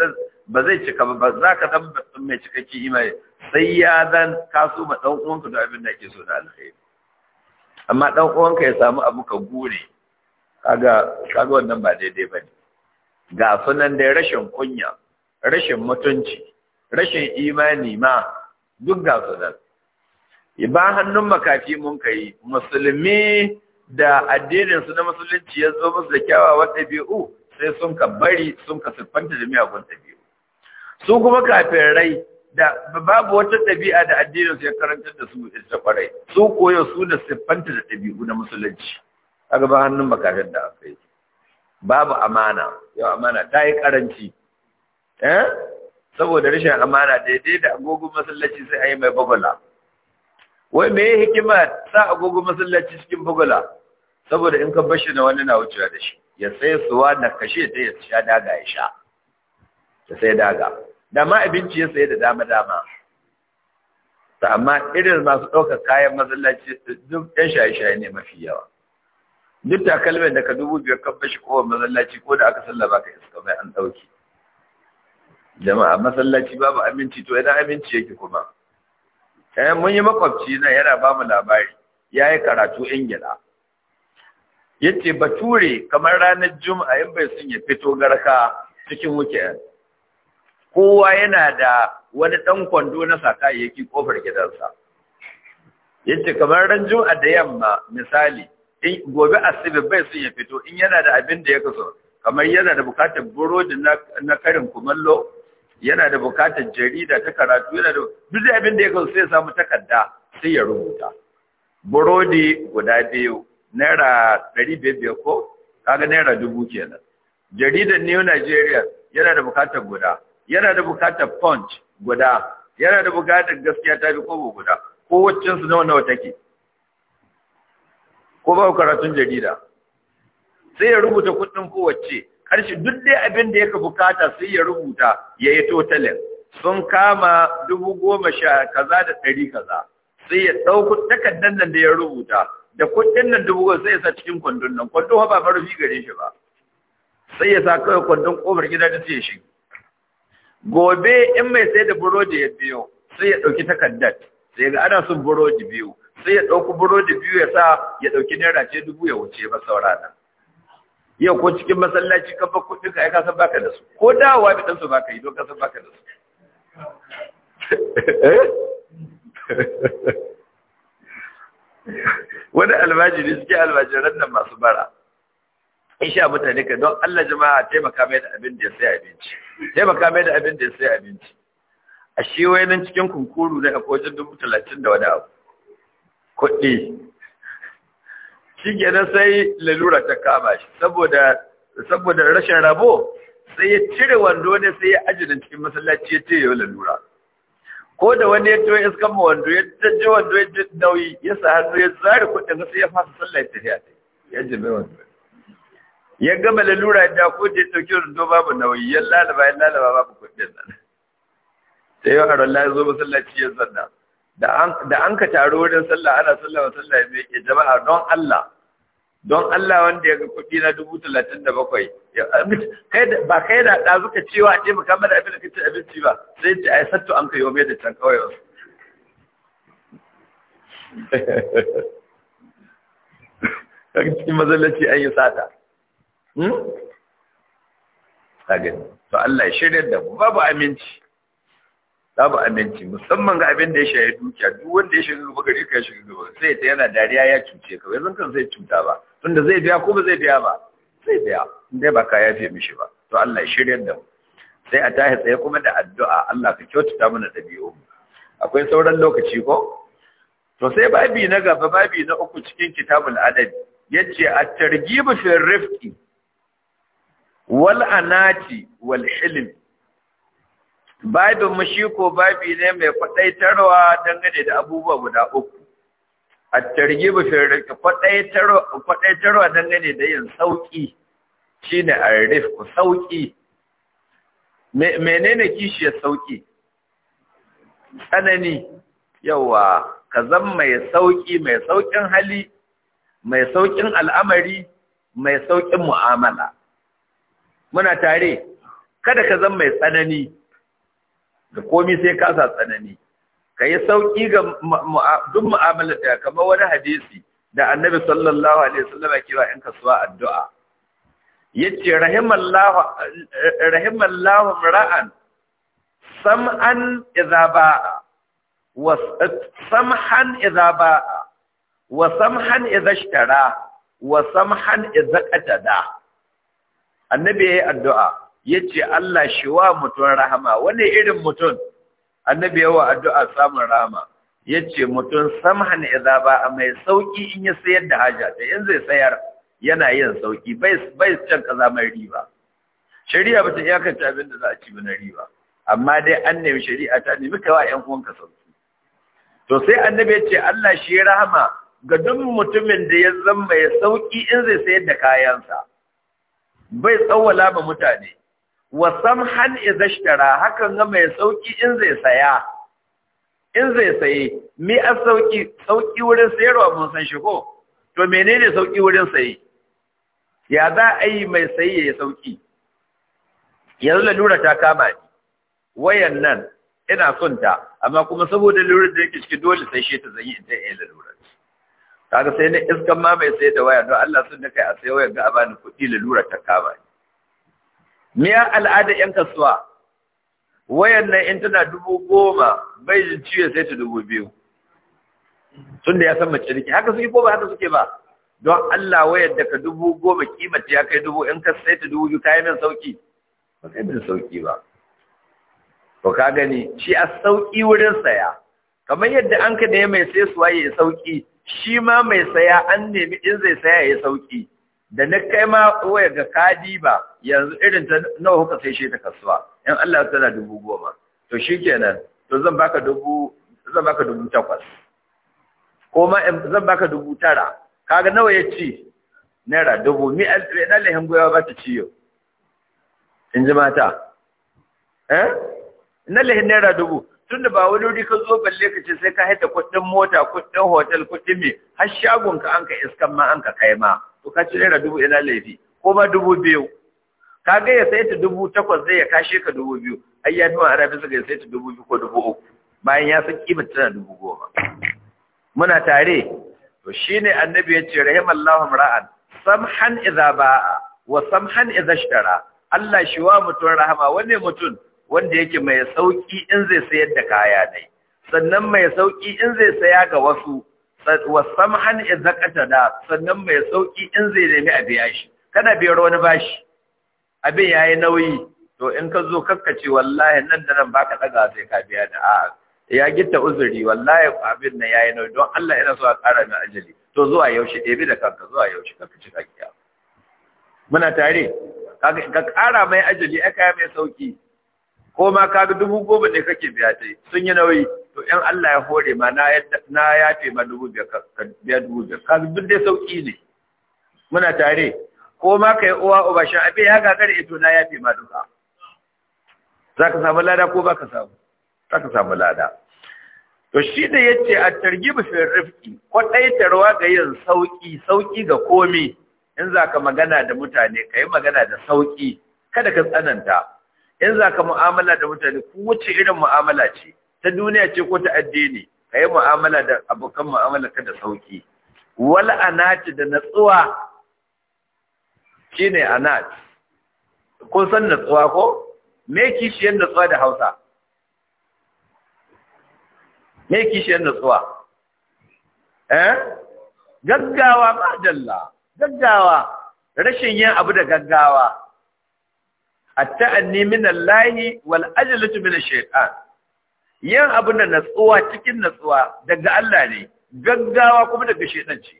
ba zai cika ba za ka zan mai cikakki imani sai ya zan kaso ma ɗan uwanka da abin da ke so na alheri amma ɗan uwanka ya samu abu ka gure kaga kaga wannan ba daidai ba ne ga sunan da rashin kunya rashin mutunci rashin imani ma duk ga sunan ba hannun makafi mun kai musulmi da addinin su na musulunci ya zo musu da kyawawan ɗabi'u sai sun ka bari sun ka siffanta da miyagun ɗabi'u su kuma kafin rai, da babu wata ɗabi'a da addinin su ya karanta da su ita kwarai su koyo su da siffanta da ɗabi'u na musulunci a gaba hannun makafin da aka yi babu amana yau amana ta yi karanci eh saboda rashin amana daidai da agogon masallaci sai a yi mai bagula wai me hikima sa agogon masallaci cikin bagula saboda in ka bashi da wani na wucewa da shi ya sai suwa da kashe ta ya sha daga ya sha ta sai daga dama abinci ya sai da dama dama ta amma irin masu ɗaukar kayan masallaci duk ɗan shaye-shaye ne mafi yawa duk takalmin da ka dubu biyar kan bashi kowa masallaci ko da aka sallaba ka iska mai an ɗauki jama'a masallaci babu aminci to idan aminci yake kuma eh, mun yi makwabci nan yana ba mu labari ya yi karatu ingila yace bature kamar ranar juma'a in bai sun ya fito garka cikin weekend kowa yana da wani ɗan kwando na sa kayayyaki kofar gidansa yace kamar ran juma'a da yamma misali in gobe asibi bai sun ya fito in yana da abin da ya kaso kamar yana da bukatar burodi na karin kumallo yana da bukatar jarida ta karatu yana da duk abin da ya kaso sai ya samu takarda sai ya rubuta burodi guda biyu naira ɗari biyar ko kaga naira dubu kenan jaridar new nigeria yana da bukatar guda yana da bukatar punch guda yana da bukatar gaskiya ta fi kobo guda ko waccan su nawa nawa take ko ba karatun jarida sai ya rubuta kuɗin kowace karshe duk dai abin da yake bukata sai ya rubuta ya yi totalin sun kama dubu goma sha kaza da ɗari kaza sai ya ɗauku takardar nan da ya rubuta da kuɗin nan dubu goma sai ya sa cikin kwandon nan kwandon ba rufi gare shi ba sai ya sa kawai kwandon kofar gida da ce shi gobe in mai sai da burodi ya biyo sai ya ɗauki takardar sai ga ana son burodi biyu sai ya dauki burodi biyu ya sa ya ɗauki naira ce dubu ya wuce ba saurana yau ko cikin masallaci ka ba kuɗin ka ai ka san baka da su ko dawowa bi ɗansu baka yi don ka san baka da su eh? wani ne suke almajiran nan masu bara in sha mutane ka don Allah jama'a taimaka mai da abin da ya sai abinci taimaka mai da abin da ya sai abinci a shi wayanin cikin kunkuru ne a kojin dubu talatin da wani abu kuɗi shi kenan sai lalura ta kama shi saboda saboda rashin rabo sai ya cire wando ne sai ya ajiye cikin masallaci ya ce yau lalura ko da wani ya to ya iska ma wando ya taje wando ya ji nauyi ya sa hannu ya zare kuɗin sai ya fasa sallah ta ya ta ya ji mai wando ya gama lalura da ko da ya wani, wando babu nauyi ya lalaba ya lalaba babu kuɗin nan sai yau haron la zo masallaci ya zanna da an ka taro wurin sallah ana sallah wa sallah mai jama'a don Allah don Allah wanda ya ga kuɗi na dubu talatin da bakwai ba kai da ɗazu ka cewa ce maka mana abin da kace abinci ba sai ce ai sattu an kai yobe da can kawai wasu kaga cikin mazalaci an yi sata hmm? gani to Allah ya shirya da mu babu aminci babu aminci musamman ga abin da ya shaye dukiya duk wanda ya shiga gaba gari ka ya shiga gaba sai ta yana dariya ya cuce ka zan kan zai cuta ba tunda zai biya ko ba zai biya ba zai biya indai ba ka yafe mishi ba to Allah ya shiryar da mu sai a tahi tsaye kuma da addu'a Allah ka kyautata mana dabi'u akwai sauran lokaci ko to sai babi na gaba babi na uku cikin kitabul adab yace at-targhib fi rifqi wal anati wal hilm babin mu babi ne mai kwadaitarwa dangane da abubuwa guda uku at-targhibu fi rizqi kwadaitarwa dangane da yin sauki shine ar-rizqu sauki menene kishi ya sauki tsanani yawa ka zan mai sauki mai saukin hali mai saukin al'amari mai saukin mu'amala muna tare kada ka zan mai tsanani da komai sai ka sa tsanani ka yi sauƙi ga duk mu'amalar da kamar wani hadisi da annabi sallallahu alaihi wasallam ke wa in kasuwa addu'a yace rahimallahu rahimallahu ra'an sam'an idza ba'a wa samhan idza ba'a wa samhan idza ishtara wa samhan idza qatada annabi yayi addu'a yace Allah shi wa mutum rahama wani irin mutum annabi yawa addu'a samun rahama yace mutum samhan idza ba mai sauki in ya sayar da haja Da in zai sayar yana yin sauki bai bai can kaza mai riba shari'a bata iyakar abin da za a ci na riba amma dai an nemi shari'a ta nemi kawa ƴan uwanka sauki to sai annabi yace Allah shi ya rahama ga duk mutumin da ya zama mai sauki in zai sayar da kayansa bai tsawwala ba mutane wa samhan idashtara hakan ga mai sauki in zai saya in zai saye mi a sauki sauki wurin sayarwa mun san shi ko to menene sauki wurin saye ya za a yi mai saye ya sauki yanzu lalura ta kama ni wayan nan ina son ta amma kuma saboda lalurar da yake ciki dole sai shi ta in ta yi lalurar kaga sai na iskan ma mai sayar da waya don Allah sun da kai a sayo ga abani kuɗi lalurar ta kama ni miya al'ada yan kasuwa wayan nan in tana dubu goma bai jin ciwo sai ta dubu biyu tun da ya san mace ke, haka suke ko ba haka suke ba don Allah wayar da ka dubu goma kimata ya kai dubu in ka sai ta dubu biyu kayan min sauki ba kai min sauki ba to ka gani shi a sauki wurin saya kamar yadda an ka da mai sai suwa ya sauki shi ma mai saya an nemi in zai saya ya sauki da na kai ma waya ga kadi ba yanzu irin ta nawa kuka sai shi ta kasuwa in Allah tana dubu goma to shikenan to zan baka dubu zan baka dubu takwas ko ma zan baka dubu tara kaga nawa ya ci naira dubu mi lahin goyawa ba ta ciyo in ji mata eh lahin naira dubu tunda ba wani wuri ka zo balle ka ce sai ka haita kuɗin mota kuɗin hotel kuɗin me har shagon ka an ka iskan ma an ka kai ma to ka ci naira dubu ina laifi ko ma dubu biyu ka ga ya saita dubu takwas zai ya kashe ka dubu biyu ai ya fi wahara bisa ga ya saita dubu biyu ko dubu uku bayan ya san kimar tana dubu goma muna tare to shine annabi ya ce rahimallahu ra'an samhan idza ba'a wa samhan idza ishtara Allah shi wa mutum rahama wanne mutum wanda yake mai sauki in zai sayar da kaya ne sannan mai sauki in zai saya ga wasu wasamhan zakata da, sannan mai sauki in zai nemi a biya shi kada biyar wani bashi abin yayi nauyi to in ka zo kakkace wallahi nan da nan baka daga sai ka biya da a ya gitta uzuri wallahi abin nan yayi nauyi don Allah yana so a ƙara min ajali to zuwa yaushe ɗebi da kanka zuwa yaushe kanka ci kiya muna tare ka ƙara mai ajali aka mai sauki ko ma ka ga dubu goma ne kake biya tai sun yi nauyi to ɗan Allah ya hore ma na ya yafe ma dubu biyar dubu biyar ka duk dai sauƙi ne muna tare ko ma yi uwa uba shin abin ya gagara ito eh, na yafe ma duka Za ka samu lada ko ba ka samu Za ka samu lada to shi da ce a bu fi rufi ko tarwa ga yin sauƙi-sauƙi ga komi, in ka magana da mutane ka yi magana da sauƙi, kada ka tsananta in ka mu'amala da mutane ku wuce irin mu'amala ce ta duniya ce ko ta addini yi mu'amala da abokan mu'amala ka da sauki wal anati da natsuwa shine anati kun san natsuwa ko me kishiyar natsuwa da Hausa me kishiyar natsuwa eh gaggawa ba dalla gaggawa rashin yin abu da gaggawa A taanni min Allah wal ajlatu min ash-shaytan yin abin da natsuwa cikin natsuwa daga Allah ne gaggawa kuma daga shedan ce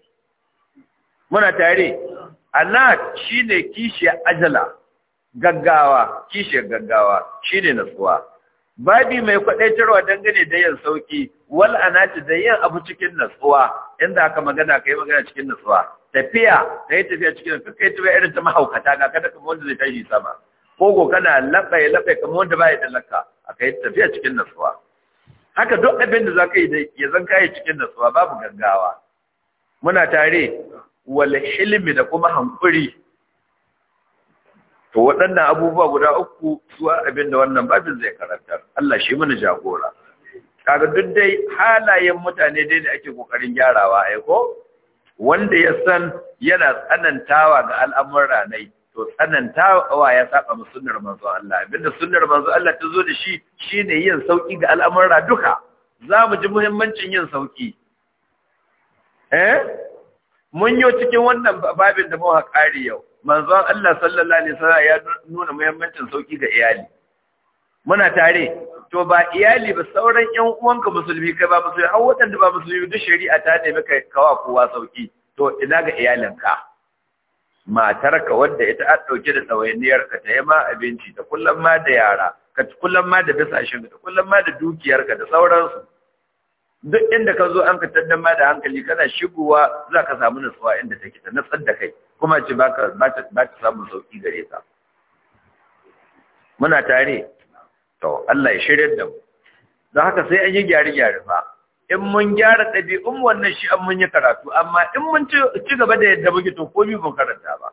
muna tare shi shine kishiyar ajala gaggawa kishiyar gaggawa shine natsuwa babi mai kwadaitarwa dangane da yin sauki wal anati da yin abu cikin natsuwa inda aka magana kai magana cikin natsuwa tafiya kai tafiya cikin kai tafiya irin ta mahaukata ga kada kuma wanda zai tashi sama ko kana labai labai kuma wanda baya da laka akai tafiya cikin natsuwa haka duk abin da za ka yi da ya zan kayi cikin nasuwa babu gaggawa muna tare wal hilmi da kuma hankuri to waɗannan abubuwa guda uku zuwa abin da wannan babin zai karantar Allah shi mana jagora kaga duk dai halayen mutane dai da ake kokarin gyarawa ai ko wanda ya san yana tsanantawa ga al'amuran ranai to tsanantawa ya saba mu sunnar manzo Allah abinda sunnar manzo Allah ta zo da shi shine yin sauki ga al'amura duka za mu ji muhimmancin yin sauki eh mun yi cikin wannan babin da muka kare yau manzo Allah sallallahu alaihi wasallam ya nuna muhimmancin sauki ga iyali muna tare to ba iyali ba sauran ƴan uwanka musulmi kai ba musulmi har wadanda ba musulmi duk shari'a ta nemi kai kawa kowa sauki to ina ga iyalinka matarka wadda ita a ɗauke da ɗawainiyarka ta yi ma abinci ta kullum ma da yara ka kullum ma da bisashen ta kullum ma da dukiyarka da sauransu duk inda ka zo an ka ma da hankali kana shigowa za ka samu nutsuwa inda take ta nutsar da kai kuma ce ba ta samun sauƙi gare ka muna tare to Allah ya shirya da mu don haka sai an yi gyare-gyare ba in mun gyara ɗabi'un wannan shi an mun yi karatu amma in mun ci gaba da yadda muke to komi mun karanta ba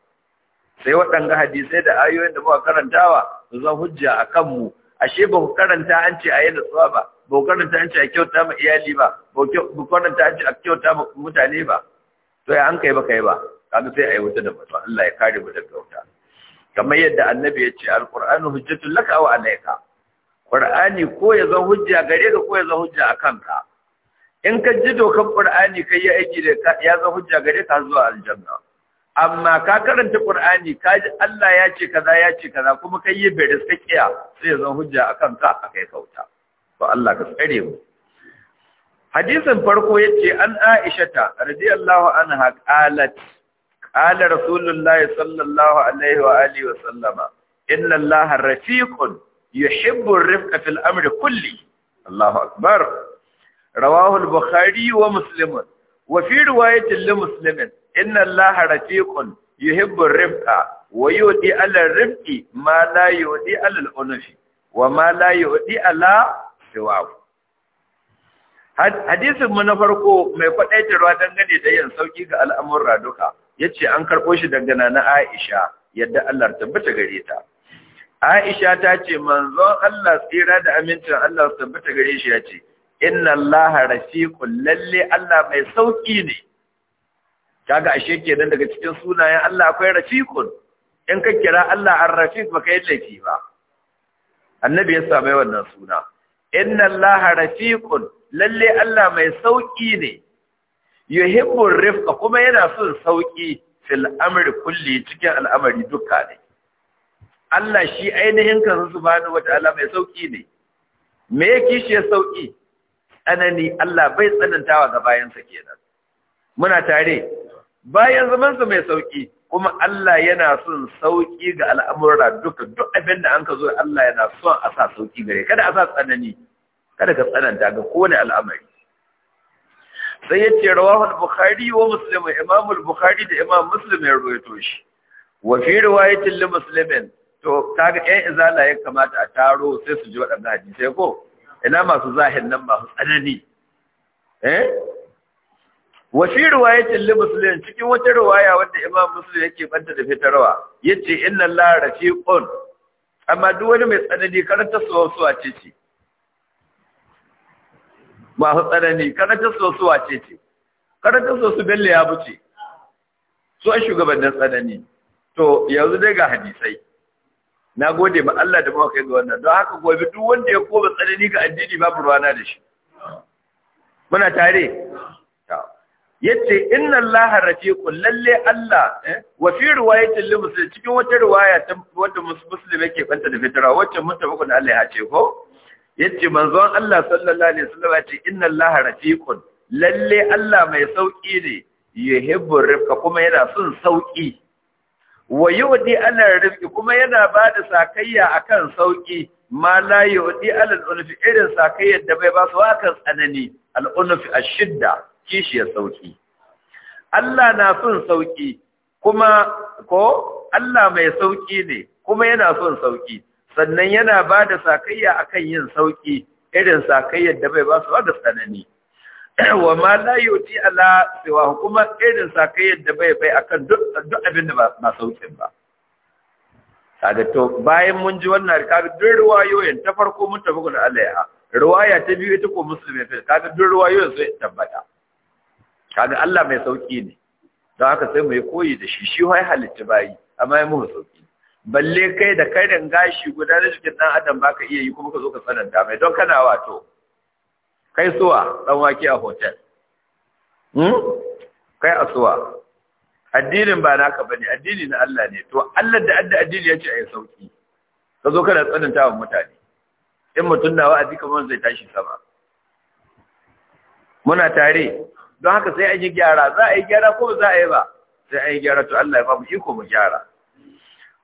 sai waɗanga hadisai da ayoyin da muka karantawa su zan hujja a kanmu ashe ba ku karanta an ce a yi natsuwa ba ba ku karanta an ce a kyauta ma iyali ba ba ku karanta an ce a kyauta ma mutane ba to ya an kai ba kai ba kaga sai a yi wuta da mutum Allah ya kare mu daga kyauta. kamar yadda annabi ya ce alqur'anu hujjatul laka wa alayka qur'ani ko ya zan hujja gare ka ko ya zan hujja akan ka in ka ji dokan qur'ani kai ya aiki da ya zo hujja gare ka zuwa aljanna amma ka karanta qur'ani ka ji Allah ya ce kaza ya ce kaza kuma kai ya bai riskiya sai ya zo hujja akan ka akai kauta to Allah ka tsare mu hadisin farko yace an Aisha ta radiyallahu anha qalat qala rasulullahi sallallahu alaihi wa alihi wa sallama inna Allaha rafiqun yuhibbu ar-rifqa fil amri kulli Allahu akbar rawahul bukhari wa وفي روايه لمسلم ان الله رفيق inna الرفق ويودي على الرفق ما لا يودي على ma وما لا يودي على hadisin mu na farko mai kwadaitarwa dangane da yin sauki ga al'amurra duka yace an karbo shi daga nana Aisha yadda Allah tabbata gare ta Aisha ta ce manzon Allah tsira da amincin Allah tabbata gare shi yace inna Allah rafiqun lalle Allah mai sauki ne kaga ashe kenan daga cikin sunayen Allah akwai rafiqun in ka kira Allah ar-rafiq baka yi laifi ba annabi ya same wannan suna inna Allah rafiqun lalle Allah mai sauki ne yuhibbu rifqa kuma yana son sauki fil amri kulli cikin al'amari duka ne Allah shi ainihin kansa subhanahu wataala mai sauki ne me yake shi sauki tsanani Allah bai tsanantawa ga bayansa kenan muna tare bayan zaman su mai sauki kuma Allah yana son sauki ga al'amura duka duk abin da an ka zo Allah yana son a sa sauki gare kada a sa tsanani kada ka tsananta ga kowane al'amari sai ya ce rawahul bukhari wa muslim imam bukhari da imam muslim ya rawaito shi wa fi riwayatin muslimin to kaga ɗan izala ya kamata a taro sai su ji waɗannan hadisi ko ina masu zahir nan masu tsanani eh wafi riwayatin li muslim cikin wata riwaya wanda imam muslim yake banta da fitarwa yace inna allaha rafiqun amma duk wani mai tsanani karanta suwa ce ce masu tsanani karanta su ce ce karanta su su bella ya buce su a shugabannin tsanani to yanzu dai ga hadisai na gode ba Allah da muka kai ga wannan don haka gobe duk wanda ya koma tsanani ga addini babu ruwana da shi muna tare yace inna allaha rafiqun lalle Allah eh, wa fi riwayatin muslim cikin wata riwaya ta wanda muslim yake kanta da fitira wacce mutafakun Allah ya ce ko yace manzon Allah sallallahu alaihi wasallam ya ce inna allaha rafiqun lalle Allah mai sauki ne yuhibbu rifqa kuma yana son sauki wa yudi alal rizqi kuma yana ba da sakayya akan sauki ma la yudi alal unfi irin sakayyar da bai ba su tsanani al unfi ashidda kishiyar sauki Allah na son sauki kuma ko Allah mai sauƙi ne kuma yana son sauƙi. sannan yana ba da sakayya akan yin sauƙi irin sakayyar da bai ba su tsanani wa ma la yuti ala siwa kuma irin sakai yadda bai bai akan duk duk abin da ba saukin ba kaga to bayan mun ji wannan kaga duk ruwayoyin ta farko mun tafi gun alaiha ruwaya ta biyu ita ko muslimi fa kaga duk ruwayoyin sai tabbata kaga Allah mai sauki ne don haka sai mu yi koyi da shi shi wai halitta bayi amma ya mu sauki balle kai da kai gashi guda da cikin dan adam baka iya yi kuma ka zo ka sananta, mai don kana wato kai suwa ɗan wake a hotel hmm? kai kai asuwa addinin ba naka ba ne, addini na Allah ne to Allah da adda addini a yi sauki ka zo kana tsananta wa mutane in mutun na wa'azi kamar zai tashi sama muna tare don haka sai an yi gyara za a yi gyara ko za a yi ba sai an yi gyara to Allah ya ba mu iko mu gyara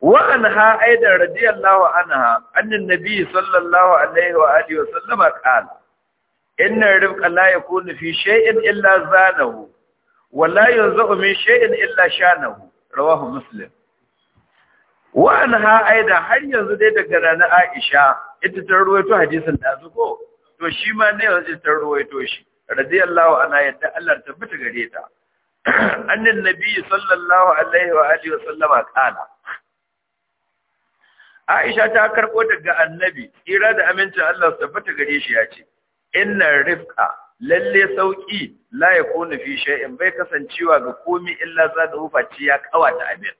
وعنها أيضا رضي Anha, عنها أن Sallallahu alaihi wa alihi wa sallama قال inna rifqa la yakunu fi shay'in illa zanahu wa la yanzu min shay'in illa shanahu rawahu muslim wa anha aida har yanzu dai daga ranar Aisha ita ta ruwaito hadisin da zuko to shi ma ne yanzu ta ruwaito shi radiyallahu anha yadda Allah ta tabbata gare ta annan nabiyyi sallallahu alaihi wa alihi wa sallama kana Aisha ta karɓo daga annabi, tsira da amincin Allah su tabbata gare shi ya ce, inna rifqa lalle sauki la yakunu fi shay'in bai kasancewa ga komi illa zadahu faci ya kawata abin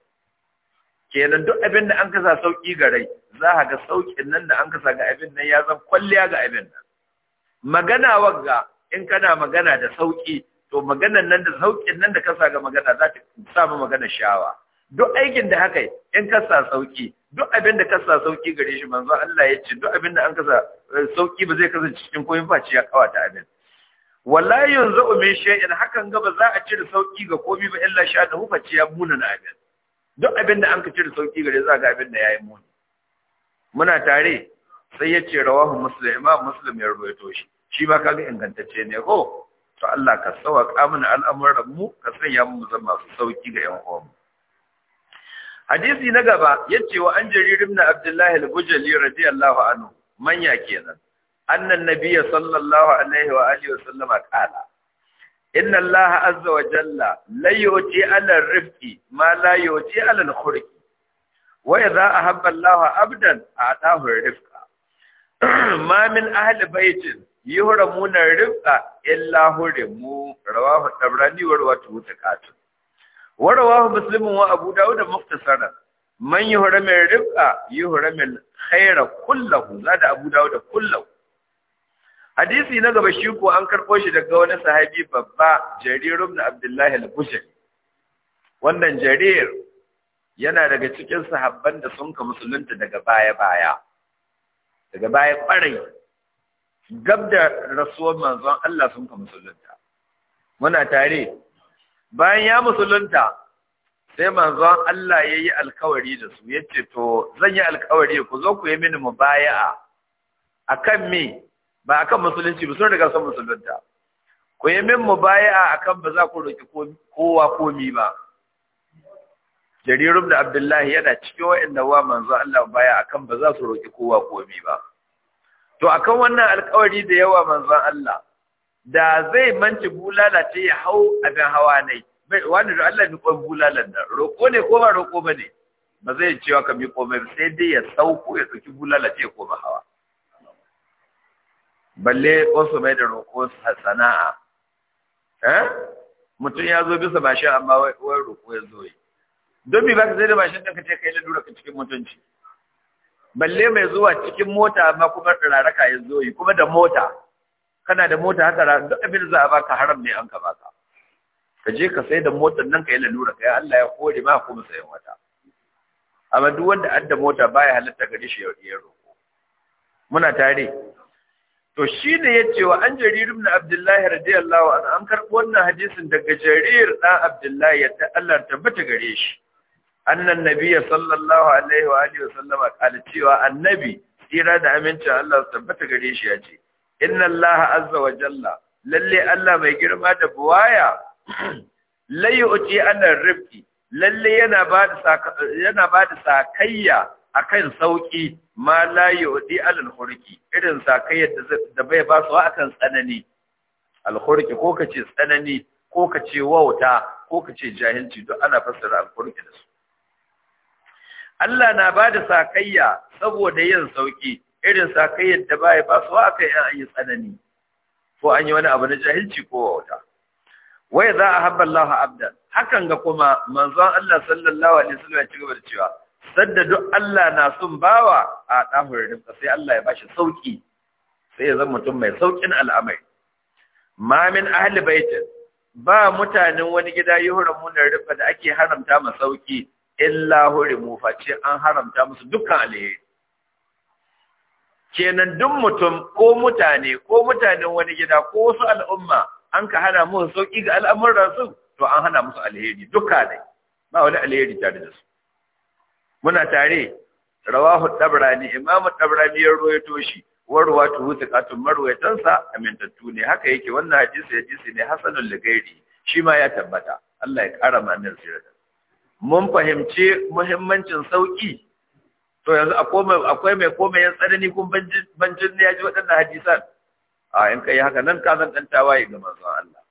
kenan duk abin da an kasa sauki ga rai za ka ga saukin nan da an kasa ga abin nan ya zan kwalliya ga abin nan magana wagga in kana magana da sauki to maganan nan da saukin nan da kasa ga magana za ta samu magana shawa duk aikin da haka in kasa sauki duk abin da kasa sauki gare shi manzo Allah ya ce duk abin da an kasa eh, sauki ba zai kasance cikin koyin face ya kawata abin wallahi yanzu min shay'in hakan ga ba za a cire sauki ga komai ba illa sha da hufa ya muna na abin duk abin da an ka cire sauki gare za ga abin da yayi muni muna tare sai ya ce rawahu muslim imam muslim ya rubuto shi shi ba kaga ingantacce ne ko to Allah ka sauka mana al'amuran mu ka sanya mu zama masu sauki ga yan mu. hadisi na gaba yace wa an jarir ibn abdullah al-bujali radiyallahu anhu manya kenan annan nabiyya sallallahu alaihi wa alihi wa sallama qala inna allaha azza wa jalla la yuti ala rifqi ma la yuti ala al-khurqi wa idha ahabba allahu abdan a'tahu rifqa ma min ahli baytin yuhramuna rifqa illa hurimu rawahu tabrani wa rawatu takatun warawahu muslimun wa abu dawud da muftasara man yuhra min rifqa yuhra min khaira kullahu la abu dawud kullahu hadisi na gaba shi ko an karbo shi daga wani sahabi babba jarir ibn abdullahi al-bushri wannan jarir yana daga cikin sahabban da sun ka musulunta daga baya baya daga baya kwarai gab da rasuwar manzon Allah sun ka musulunta muna tare bayan ya musulunta sai manzon Allah ya yi alkawari da su ya ce to zan yi alkawari ku zo ku yi mini mubaya'a a kan me ba a kan musulunci ba sun riga sun musulunta ku yi min mubaya'a a kan ba za ku roƙi kowa komi ba Jaririn da abdullahi yana cikin wa'inda wa manzon Allah baya a kan ba za su roƙi kowa komi ba to akan wannan alkawari da yawa manzon Allah da zai manci bulala ce ya hau abin hawa ne wani da Allah miƙon bulalan da. roƙo ne ko ba roƙo ba ne ba zai cewa ka miƙo mai sai dai ya sauko ya ɗauki bulala ce ko ba hawa balle wasu mai da roƙo sana'a eh mutum ya zo bisa mashin amma wai roƙo ya zo yi don bi ba ka sai da mashin ɗin ka ce kai dura ka cikin mutunci balle mai zuwa cikin mota amma kuma tsiraraka ya zo yi kuma da mota kana da mota haka ra duk abin da za a baka haram ne an ka baka ka je ka sai da motar nan ka yi lalura ka yi Allah ya kore ma kuma sayan wata amma duk wanda adda mota baya halatta gari shi ya roko muna tare to shi ne ya ce wa an jarir ibn abdullahi radiyallahu an an karɓi wannan hadisin daga jarir ɗan abdullahi ya ta Allah tabbata gare shi annan nabiyya sallallahu alaihi wa alihi wa sallama kala annabi tsira da amincin Allah tabbata gare shi ya ce inna allaha azza wa jalla lalle Allah mai girma da buwaya lai yu'ti anar rifqi lalle yana ba da yana ba sakayya akan sauki ma la yu'ti alal irin sakayyar da bai ba su akan tsanani al hurqi ko kace tsanani ko kace wauta ko kace jahilci duk ana fassara al hurqi da su Allah na bada sakayya saboda yin sauki irin sa kai yadda ba ya su a kai an yi tsanani ko an yi wani abu na jahilci ko wauta wai za a habba Allah abdan hakan ga kuma manzon Allah sallallahu alaihi wasallam ya ci gaba da cewa sadda duk Allah na son bawa a ɗahurin rinka sai Allah ya bashi sauki sai ya zama mutum mai saukin al'amai Mamin min ahli baitin ba mutanen wani gida yuhurin munar rufa da ake haramta ma sauki illa hurimu face an haramta musu dukkan alheri kenan duk mutum ko mutane ko mutanen wani gida ko wasu al'umma an ka hana musu sauki ga al'amuran su to an hana musu alheri duka ne ba wani alheri tare da su muna tare rawahu tabrani imamu tabrani ya ruwaito shi warwa tu hutqatun marwayatansa amintattu ne haka yake wannan hadisi hadisi ne hasanul ligairi shi ma ya tabbata Allah ya kara manar sirra mun fahimci muhimmancin sauki to yanzu akwai mai komai ya tsanani kun banjin ne ya ji waɗannan hadisan a in ka yi haka nan ka zan ɗan tawaye ga manzon Allah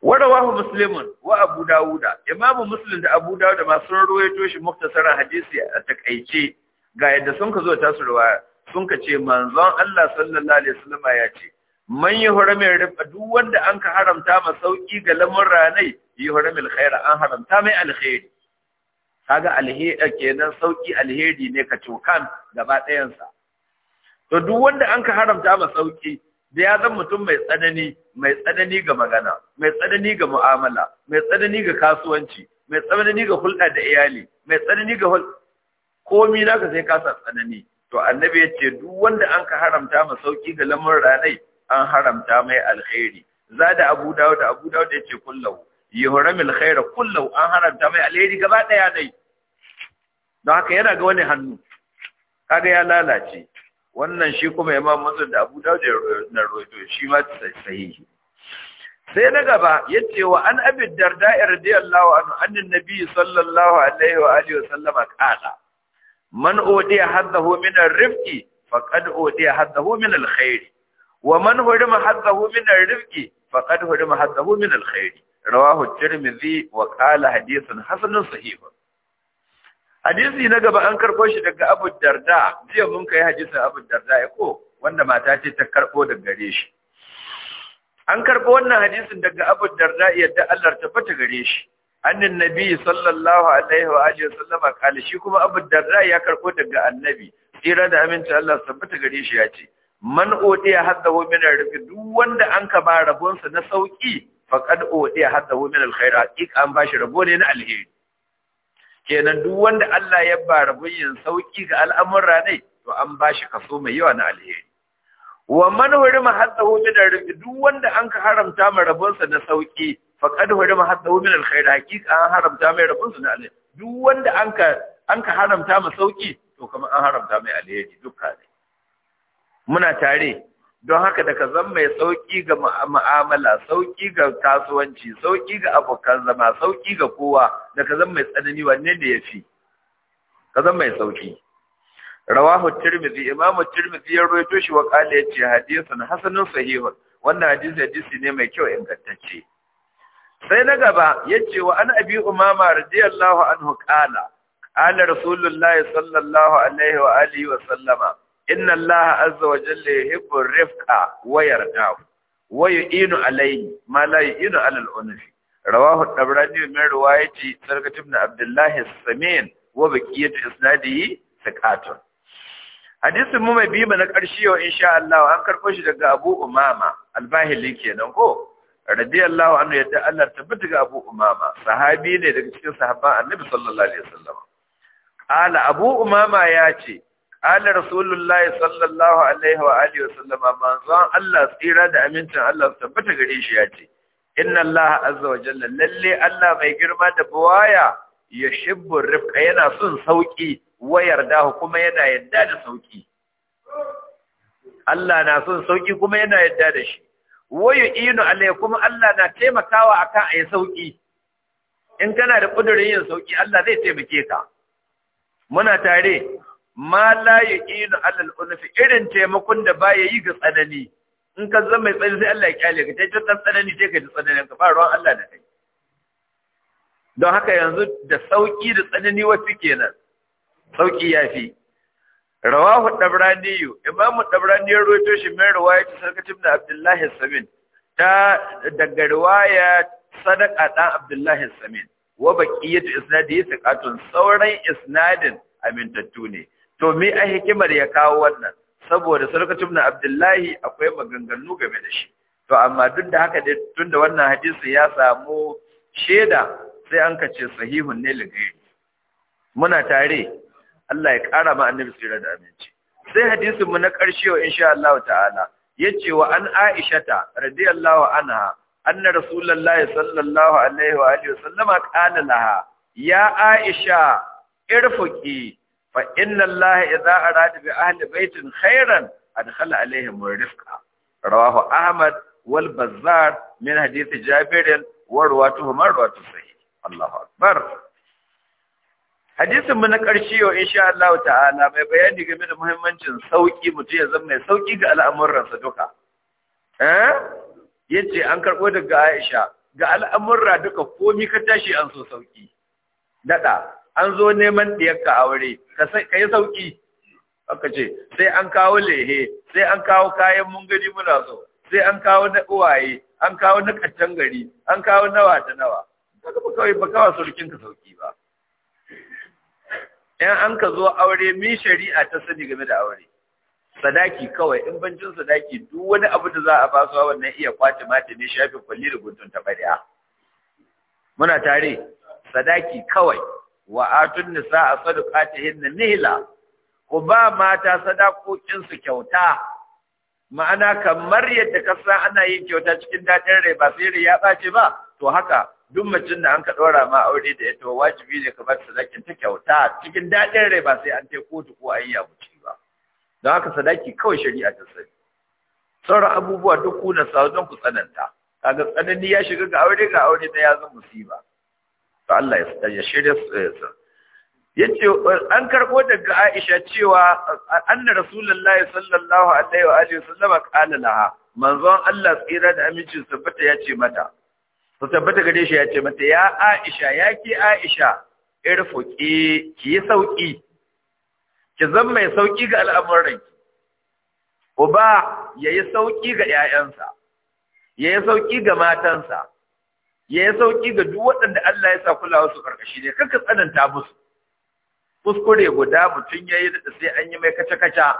warawahu muslimun wa abu dawuda imamu muslim da abu dawuda ma sun ruwaito shi muktasarar hadisi a takaice ga yadda sun ka zo ta su ruwaya sun ka ce manzon Allah sallallahu alaihi wasallam ya ce man yuhra riba duk wanda an ka haramta ma sauki ga lamun ranai yi min khaira an haramta mai alkhairi kaga alheri eh, kenan sauki alheri ne ka cokan gaba ɗayansa to duk wanda an ka haramta ma sauki da ya zan mutum mai tsanani mai tsanani ga magana mai tsanani ga mu'amala mai tsanani ga kasuwanci mai tsanani ga hulɗa da iyali mai tsanani ga hul komi naka sai ka sa tsanani to annabi yace duk wanda an ka haramta ma sauki ga lamar ranai an haramta mai alheri zada abu dawud abu dawud yace kullahu yuhramil khaira kullu an haramta mai alheri gaba daya dai don haka yana ga wani hannu kaga ya lalace wannan shi kuma imam muslim da abu dawud na rawaito shi ma sahihi sai na gaba yace wa an abi darda radiyallahu anhu annin nabi sallallahu alaihi wa alihi wa sallama qala man udiya haddahu min ar-rifqi faqad udiya haddahu min al wa man hurima hazzahu min ar-rizqi faqad hurima hazzahu min al-khair rawahu at-tirmidhi wa qala hadithun hasanun sahih hadisi na gaba an karbo shi daga Abu Darda jiya mun kai hadisin Abu Darda ya eh ko wanda mata ce ta karbo daga gare shi an karbo wannan hadisin daga Abu Darda yadda Allah ta fata gare shi annin nabi sallallahu alaihi wa alihi sallama kale shi kuma Abu Darda ya karbo daga annabi tsira da aminci Allah tabbata gare shi ya ce man odiya haddahu min ar-rizq duk wanda an ka ba rabon sa na sauki faqad odiya haddahu min al-khair haqiq an bashi rabo ne na alheri kenan duk wanda Allah ya ba rabon yin sauki ga al'amura ne to an bashi kaso mai yawa na alheri wa man hurima haddahu min ar-rizq duk wanda an ka haramta ma rabon sa na sauki faqad hurima haddahu min al-khair haqiq an haramta mai rabon sa na alheri duk wanda an ka haramta ma sauki to kamar an haramta mai alheri dukkan muna tare don haka da ka zan mai sauƙi ga mu'amala sauƙi ga kasuwanci sauƙi ga abokan zama sauƙi ga kowa da ka zan mai tsanani wanne da ya fi ka zan mai sauƙi rawahu tirmidhi imamu tirmidhi ya rawaito shi wa ya ce hadithun hasanun sahihun wannan hadisi hadisi ne mai kyau ingantacce sai na gaba ya ce wa an abi umama radiyallahu anhu kala kala rasulullahi sallallahu alaihi wa alihi wa sallama inna allaha azza wa jalla yuhibbu rifqa wa yardahu wa yu'inu alayhi ma la yu'inu ala al unuf rawahu tabrani min riwayati sarqat ibn abdullah as-samin wa baqiyat isnadihi thiqatun hadisin mu mai biyu na ƙarshe yau insha Allah an karɓo shi daga Abu Umama al-Bahili kenan ko radiyallahu anhu yadda Allah tabbata ga Abu Umama sahabi ne daga cikin sahabban Annabi sallallahu alaihi wasallam qala Abu Umama ya ce ala rasulullahi sallallahu alaihi wa alihi wasallam manzon Allah tsira da amincin Allah tabbata gare shi ya ce inna Allah azza wa jalla lalle Allah mai girma da buwaya yushibbu rifqa yana son sauki wa yarda kuma yana yadda da sauki Allah na son sauki kuma yana yadda da shi wayu inu alai kuma Allah na taimakawa akan ayi sauki in kana da kudirin yin sauki Allah zai taimake ka muna tare ma la inu alal unfi irin taimakon da ba ya yi ga tsanani in ka zama mai tsanani sai Allah ya kyale ka sai ta tsanani sai ka ji tsanani ka ba ruwan Allah da kai don haka yanzu da sauki da tsanani wasu kenan sauki fi rawahu dabraniyu imamu dabrani ya rawaito shi mai rawaya ta sarkatin da Abdullahi Samin ta daga riwaya sadaka dan Abdullahi Samin wa baqiyatu isnadi thiqatun sauran isnadin amintattu ne to me a hikimar ya kawo wannan saboda sarkaci ibn abdullahi akwai maganganu game da shi to amma duk da haka tun da wannan hadisi ya samu shaida, sai an kace sahihun ne ligayi muna tare Allah ya kara ma annabi sirra da aminci sai hadisin mu na ƙarshe wa insha Allah ta'ala yace wa an aishata radiyallahu anha anna rasulullahi sallallahu alaihi wa alihi sallama qala laha ya aisha irfuki fa inna Allah idza arada bi ahli baitin khairan adkhala alaihim rifqa rawahu Ahmad wal Bazzar min hadith Jabir wa ruwatuhu marwatu sahih Allahu akbar hadisin mun na ƙarshe yau insha Allah ta'ala mai bayani game da muhimmancin sauki mutum ya zama mai sauki ga al'amuran sa duka eh yace an karbo daga Aisha ga al'amuran duka komi ka tashi an so sauki dada an zo neman diyarka aure ka yi sauki aka ce sai an kawo lehe sai an kawo kayan mun gani muna so sai an kawo na uwaye an kawo na kaccan gari an kawo nawa da nawa daga ba kawai ba kawa surkin ka sauki ba Yan an ka zo aure min shari'a ta sani game da aure sadaki kawai in bancin sadaki duk wani abu da za a ba su wannan iya kwace mata ne shafin kwalli da guntun ta bari'a muna tare sadaki kawai wa atun nisaa sadaqatihin nihla ku ba mata sadakokinsu kyauta ma'ana kamar yadda ka ana yin kyauta cikin daɗin rai ba sai ya ɓace ba to haka duk macin da an ka dora ma aure da ita wajibi ne ka bar sadakin ta kyauta cikin daɗin rai ba sai an tai kotu ko an yi ba don haka sadaki kawai shari'a ta sani sauran abubuwa duk kuna sa don ku tsananta kaga tsanani ya shiga ga aure ga aure da ya zama musiba to Allah ya shirya su yace an karko daga Aisha cewa anna rasulullahi sallallahu alaihi wa alihi sallama qala laha manzon Allah tsira da amincin tabbata yace mata to tabbata gare shi yace mata ya Aisha yake Aisha irfuki ki sauki ki zama mai sauki ga al'amuran uba yayi sauki ga 'ya'yansa yayi sauki ga matansa ya yi sauƙi ga duk waɗanda Allah ya sa kulawa su karkashi ne kanka tsananta musu kuskure guda mutum ya yi da sai an yi mai kaca-kaca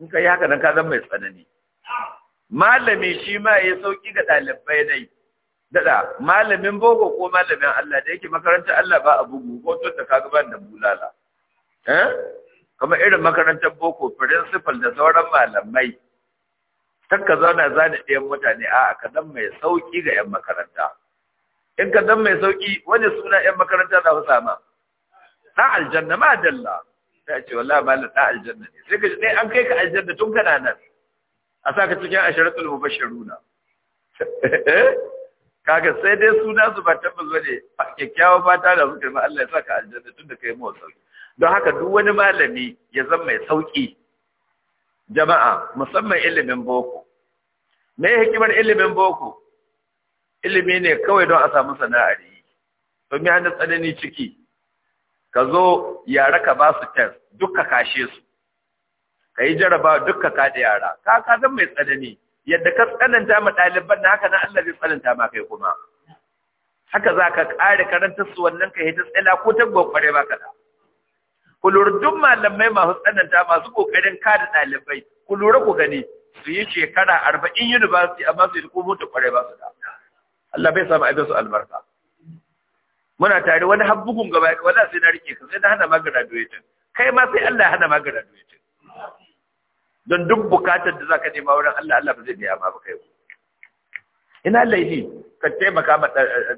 in ka yi haka nan ka zama mai tsanani malami shi ma ya yi sauƙi ga ɗalibai dai daɗa malamin boko ko malamin Allah da yake makarantar Allah ba a bugu ko da ka gaban da bulala eh kamar irin makarantar boko principal da sauran malamai ka zauna zana ɗayan mutane a'a ka zan mai sauƙi ga 'yan makaranta in ka zan mai sauki wani suna yan makaranta za su sama na aljanna ma dalla ta ce wallahi malam aljanna ne sai ka an kai ka aljanna tun kana nan a sa ka cikin asharatul mubashiruna kaga sai dai suna su ba tabbas bane kyakkyawan fata da suka ma Allah ya saka aljanna tun da kai mu sauki don haka duk wani malami ya zan mai sauki jama'a musamman ilimin boko me hikimar ilimin boko ilimi ne kawai don a samu da yi to me hannun tsanani ciki ka zo yara ka ba su test duka kashe su ka yi jaraba duka ka da yara ka ka zan mai tsanani yadda ka tsananta ma ɗaliban da haka na Allah zai tsananta ma kai kuma haka za ka ƙare karanta su wannan ka hita tsela ko ta gwakware ba ka da ku lura duk malamai masu tsananta masu ƙoƙarin kada ɗalibai ku lura ku gani su yi shekara arba'in university amma su yi ko mutu ƙware ba su da Allah bai samu abin su albarka muna tare wani habbukun gaba yake, wadda sai na rike ka sai na hana ma graduation kai ma sai Allah ya hana ma graduation don duk bukatar da za ka nema wurin Allah Allah ba zai biya ma ba kai ina laifi ka taimaka ma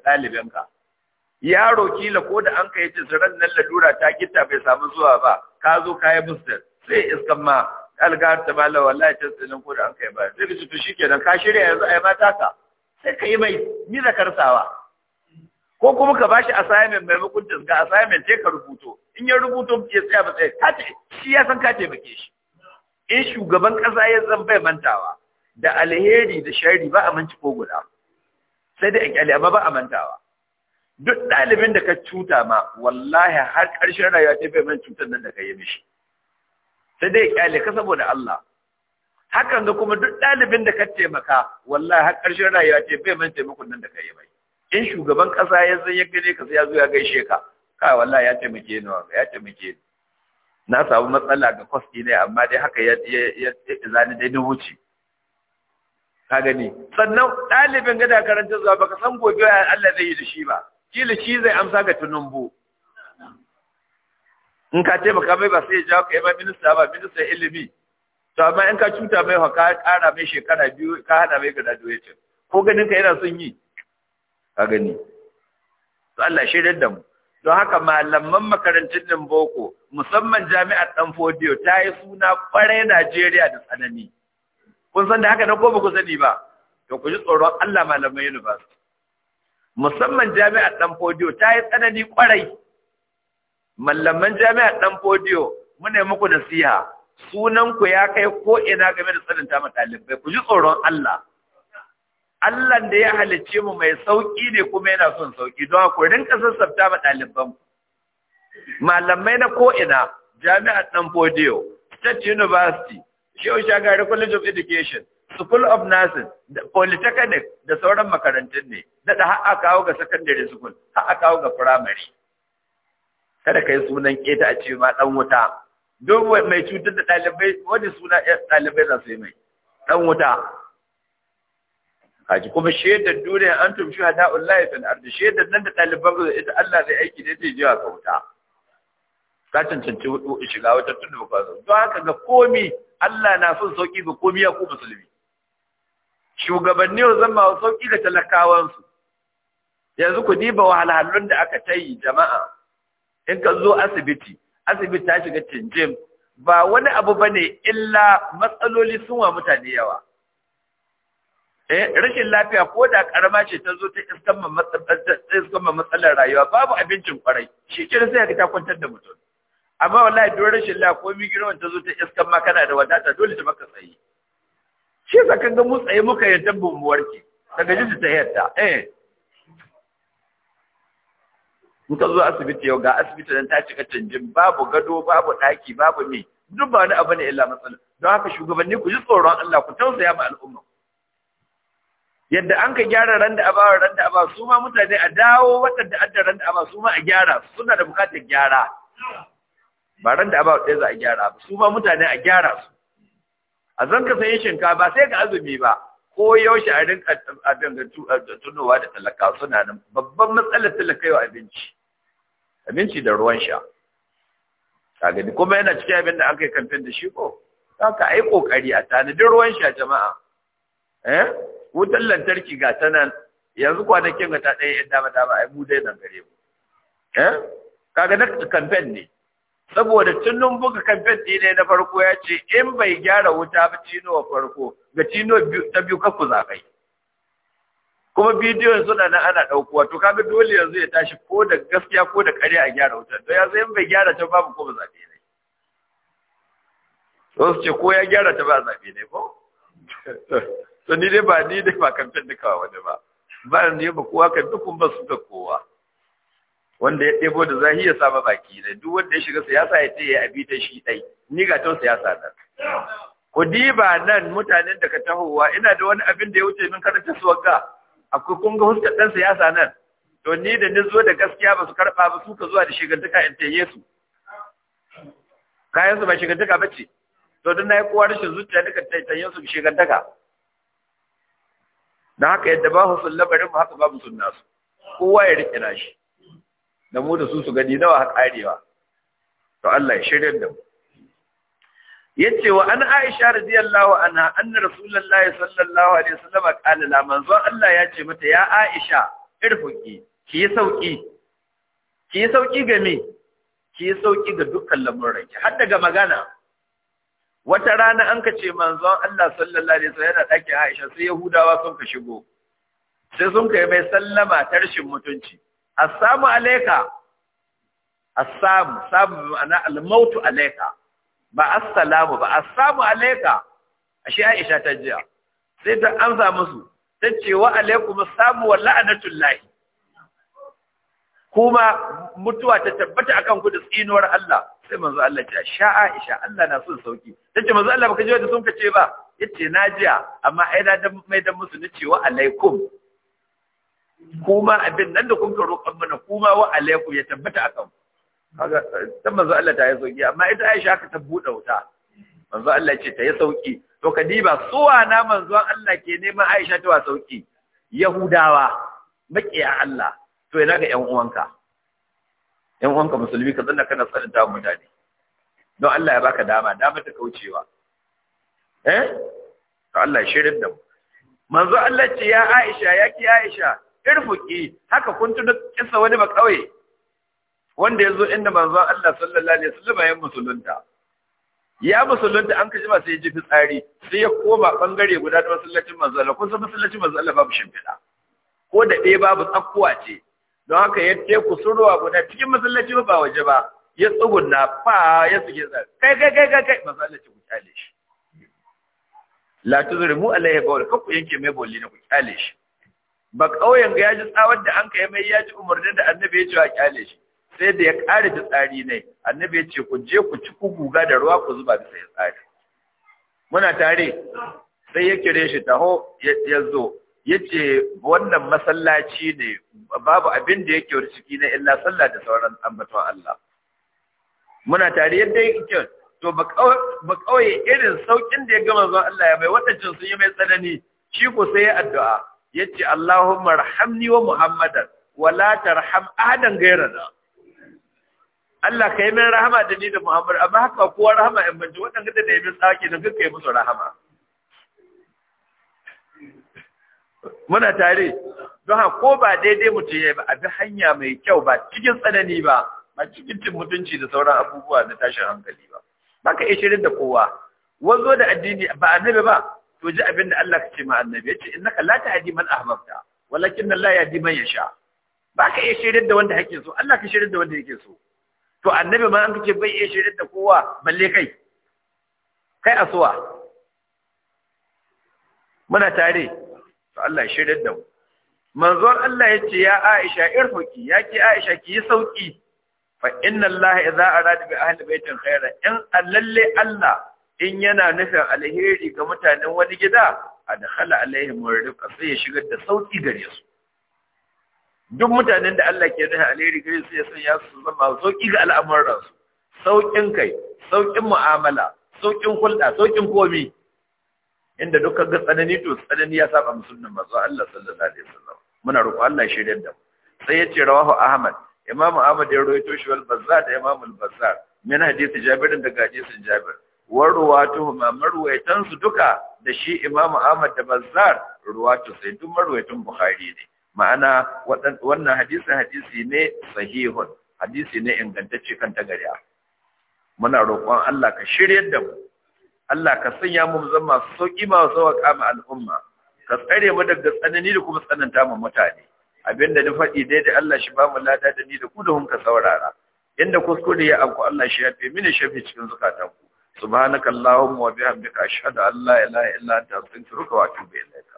ɗalibinka yaro kila ko da an ka ce ran nan lalura ta gita bai samu zuwa ba ka zo ka yi booster sai iskan ma algar ta mala wallahi ta nan ko da an yi ba sai ka ci to kenan, ka shirya yanzu yi mata taka sai ka yi mai yi karsawa ko kuma ka bashi assignment maimakon tasga assignment sai ka rubuto in ya rubuto ke tsaya ba tsaye kace shi ya san ka taimake shi in shugaban kasa ya zan bai mantawa da alheri da shari ba a manci ko guda sai da kyale amma ba a mantawa duk ɗalibin da ka cuta ma wallahi har ƙarshen rayuwa ta bai man cutar nan da ka yi mishi sai dai kyale ka saboda Allah hakan ga kuma duk ɗalibin da ka taimaka wallahi har ƙarshen rayuwa ce bai mance taimakon nan da kai bai in shugaban kasa ya san ya gane ka sai ya zo ya gaishe ka kai wallahi ya taimake ni wa? ya taimake ni na samu matsala ga kwas ne amma dai haka ya zani dai na wuce ka gani sannan ɗalibin da karanta zuwa baka san gobe Allah zai yi da shi ba kila shi zai amsa ga tunumbu in ka taimaka mai ba sai ya jawo ka yi ba minista ba minista ilimi to amma in ka cuta mai ka ƙara mai shekara biyu ka hana mai graduation ko ganin ka yana son yi ka gani to Allah shirin da mu don haka malaman makarantun din boko musamman jami'ar dan fodiyo ta yi suna kware Najeriya da tsanani kun san da haka na ko ba ku sani ba to ku ji tsoron Allah malaman university musamman jami'ar dan fodiyo ta yi tsanani kwarai malaman jami'ar dan fodiyo ne muku nasiha sunanku ya kai ko'ina game da tsananta ma ɗalibai ku ji tsoron Allah Allah da ya halicce mu mai sauƙi ne kuma yana son sauki don ku rinka sassafta ma ɗaliban malamai na ko'ina jami'ar ɗan podio State University Shehu Shagari College of Education School of Nursing da Polytechnic da sauran makarantun ne da har kawo ga secondary school har kawo ga primary kada kai sunan keta a ce ma dan wuta duk mai cutar da ɗalibai wani suna ɗalibai za su yi mai ɗan wuta haji kuma shaidar duniya an tumshi hada ullahi fil ardi shaidar nan da ɗaliban ku ita Allah zai aiki ne zai jiwa ka wuta ka cancanci hudu shiga wata tun da ba don haka ga komi Allah na son sauki ga komi ya ku musulmi shugabanni zan ma sauki ga talakawansu yanzu ku diba wahalhalun da aka ta yi jama'a in ka zo asibiti asibiti ta shiga tinjim ba wani abu ba ne illa matsaloli sun wa mutane yawa eh rashin lafiya ko da karama ce ta zo ta iskan matsalar rayuwa babu abincin kwarai shi kira sai ka ta kwantar da mutum amma wallahi don rashin lafiya ko migirman ta zo ta iskan ma kana da wadata dole ta maka tsayi shi sa ga mu tsaye muka yadda mu warke daga jin ta yadda eh in ka zo asibiti yau ga asibiti nan ta cika canjin babu gado babu ɗaki babu me duk ba wani abu ne illa matsala don haka shugabanni ku ji tsoron Allah ku tausaya ma al'umma yadda an ka gyara ran da abawa ran da abawa su ma mutane a dawo wata da adda ran da abawa su ma a gyara suna da bukatar gyara ba ran da abawa ɗaya za a gyara ba su ma mutane a gyara su a zanka sayin shinkafa sai ga azumi ba ko yaushe a rinka abin tunowa da talaka suna nan babban matsalar talaka yau abinci abinci da ruwan sha kaga kuma yana cikin abin da aka yi kamfen da shi ko haka ai kokari a tanadin ruwan sha jama'a eh wutar lantarki ga ta nan yanzu kwanakin ga ta ɗaya yan dama dama ai mu dai nan gare mu eh kaga na kamfen ne saboda tunnun buga kamfen ɗin ne na farko ya ce in bai gyara wuta ba cino farko ga tino ta biyu kakku zakai kuma bidiyon suna nan ana ɗaukuwa to kaga dole yanzu ya tashi ko da gaskiya ko da ƙarya a gyara wutar to yanzu in bai gyara ta babu ko ba zaɓe ne to su ce ko ya gyara ta ba zaɓe ne ko to ni dai ba ni dai ba kamfen dukawa wani ba ba ni ba kowa kan dukun ba su da kowa wanda ya ɗebo da zahi ya saba baki ne duk wanda ya shiga siyasa ya ce ya abi ta shi ɗai ni ga ta siyasa nan ku diba nan mutanen da ka tahowa ina da wani abin da ya wuce min karanta suwagga akwai kun ga huskar ɗan siyasa nan to ni da ni zo da gaskiya ba su karɓa ba su ka zuwa da shigantuka in taye su kayan su ba shigantuka ba ce to don na yi kowa rashin zuciya duka taye su shigantuka da haka yadda ba sun labarin haka babu sun nasu kowa ya rikina shi da mu da su su gani nawa haƙarewa to Allah ya shirya da mu yace wa an Aisha radiyallahu anha anna Rasulullahi sallallahu alaihi wasallam qala la manzo Allah ya ce mata ya Aisha irfuki ki sauki ki sauki ga me ki sauki ga dukkan ranki.' har daga magana wata rana an ka ce manzon Allah sallallahu alaihi wasallam yana daki Aisha sai Yahudawa sun ka shigo sai sun kai mai sallama tarshin mutunci assalamu alayka assalamu sabu ana al-mautu alayka ba assalamu ba assalamu alayka ashe Aisha ta jiya sai ta amsa musu ta ce wa alaykum assalamu wa la'natullahi kuma mutuwa ta tabbata akan ku da tsinuwar Allah sai manzo Allah ya sha Aisha Allah na son sauki tace manzo Allah baka ji wanda sun kace ba yace na jiya amma ai na mai da musu ce wa alaykum. kuma abin nan da kun ka roƙan mana kuma wa alaykum ya tabbata akan ku kaga ta manzo Allah ta yi sauki amma ita Aisha haka ta buɗe wuta manzo Allah ce ta yi sauki to kadiba suwa na manzo Allah ke neman Aisha ta wa sauki Yahudawa makiya Allah to ina ga ƴan uwanka ƴan uwanka musulmi ka zanna kana tsananta mutane don Allah ya baka dama dama ta kaucewa eh to Allah shirin da mu manzo Allah ce ya Aisha ya ki Aisha irfuki haka kun tuna kissa wani ba kauye wanda ya zo inda manzon Allah sallallahu alaihi wasallam ya musulunta ya musulunta an kaji ba sai ya ji fitsari sai ya koma bangare guda da masallacin manzon Allah kun san masallacin manzon Allah babu shimfiɗa ko da ɗaya babu tsakkuwa ce don haka ya te kusurwa guda cikin masallaci ba waje ba ya tsugunna fa ya suke tsari kai kai kai kai kai masallaci ku kyale shi la tuzrimu alaihi bawl ka ku yanke mai bolli na ku kyale shi ba kauyen ga ya ji tsawar da an kai mai ya ji umarnin da annabi ya ce a kyale shi sai da ya ƙare da tsari ne annabi ya ce ku je ku ci ku guga da ruwa ku zuba bisa ya tsari muna tare sai ya kire shi taho ya zo ya ce wannan masallaci ne babu abin da yake wani ciki na illa sallah da sauran ambaton Allah muna tare yadda yake to ba kawai irin saukin da ya gama zuwa Allah ya mai wadancan sun yi mai tsanani shi ku sai ya addu'a yace Allahumma rahamni wa Muhammadan wala tarham ahadan gairana Allah ka yi min rahama da ni da Muhammad amma haka kowa rahama in banci waɗanda da nemi tsaki da kuka yi musu rahama muna tare don ha ko ba daidai mutum ya yi ba a bi hanya mai kyau ba cikin tsanani ba ba cikin cin mutunci da sauran abubuwa na tashin hankali ba ba ka iya shirin da kowa wanzo da addini ba annabi ba to ji abin da Allah ka ce ma annabi yace innaka la hadi man ahbabta walakin Allah di man yasha ba ka iya shirin da wanda yake so Allah ka shirin da wanda yake so to annabi ma an kace bai iya shirin da kowa balle kai kai asuwa muna tare to Allah ya shirye da mu manzon Allah ya ce ya Aisha irfuki ya ki Aisha ki yi sauki fa inna Allah idza arada bi ahli baitin khaira in allalle Allah in yana nufin alheri ga mutanen wani gida adkhala alaihim rizqa sai ya shigar da sauki gare su duk mutanen da Allah ke nuna alheri gare su ya sanya su zama sauki ga al'amuran su saukin kai saukin mu'amala saukin hulɗa saukin komi inda duka ga tsanani to tsanani ya saba musulmin manzo Allah sallallahu alaihi wasallam muna roƙo Allah ya shirye da mu sai ya ce rawahu Ahmad Imam Ahmad ya rawaito shi wal bazza da Imam al bazza min hadisi Jabir gaje sun Jabir warwatuhuma ma su duka da shi Imam Ahmad da Bazzar ruwatu sai duk marwaitun Bukhari ne ma'ana wannan hadisin hadisi ne sahihun hadisi ne ingantacce kan ta gariya muna roƙon Allah ka shiryar da mu Allah ka sanya mu zama sauki ma zuwa kama al'umma ka tsare mu daga tsanani da kuma tsananta mu mutane abinda na faɗi dai da Allah shi ba mu lada da ni da ku da hun ka saurara inda kuskure ya abku Allah shi ya fi mini shafi cikin zukatanku subhanakallahumma wa bihamdika ashhadu an la ilaha illa anta astaghfiruka wa atubu ilaik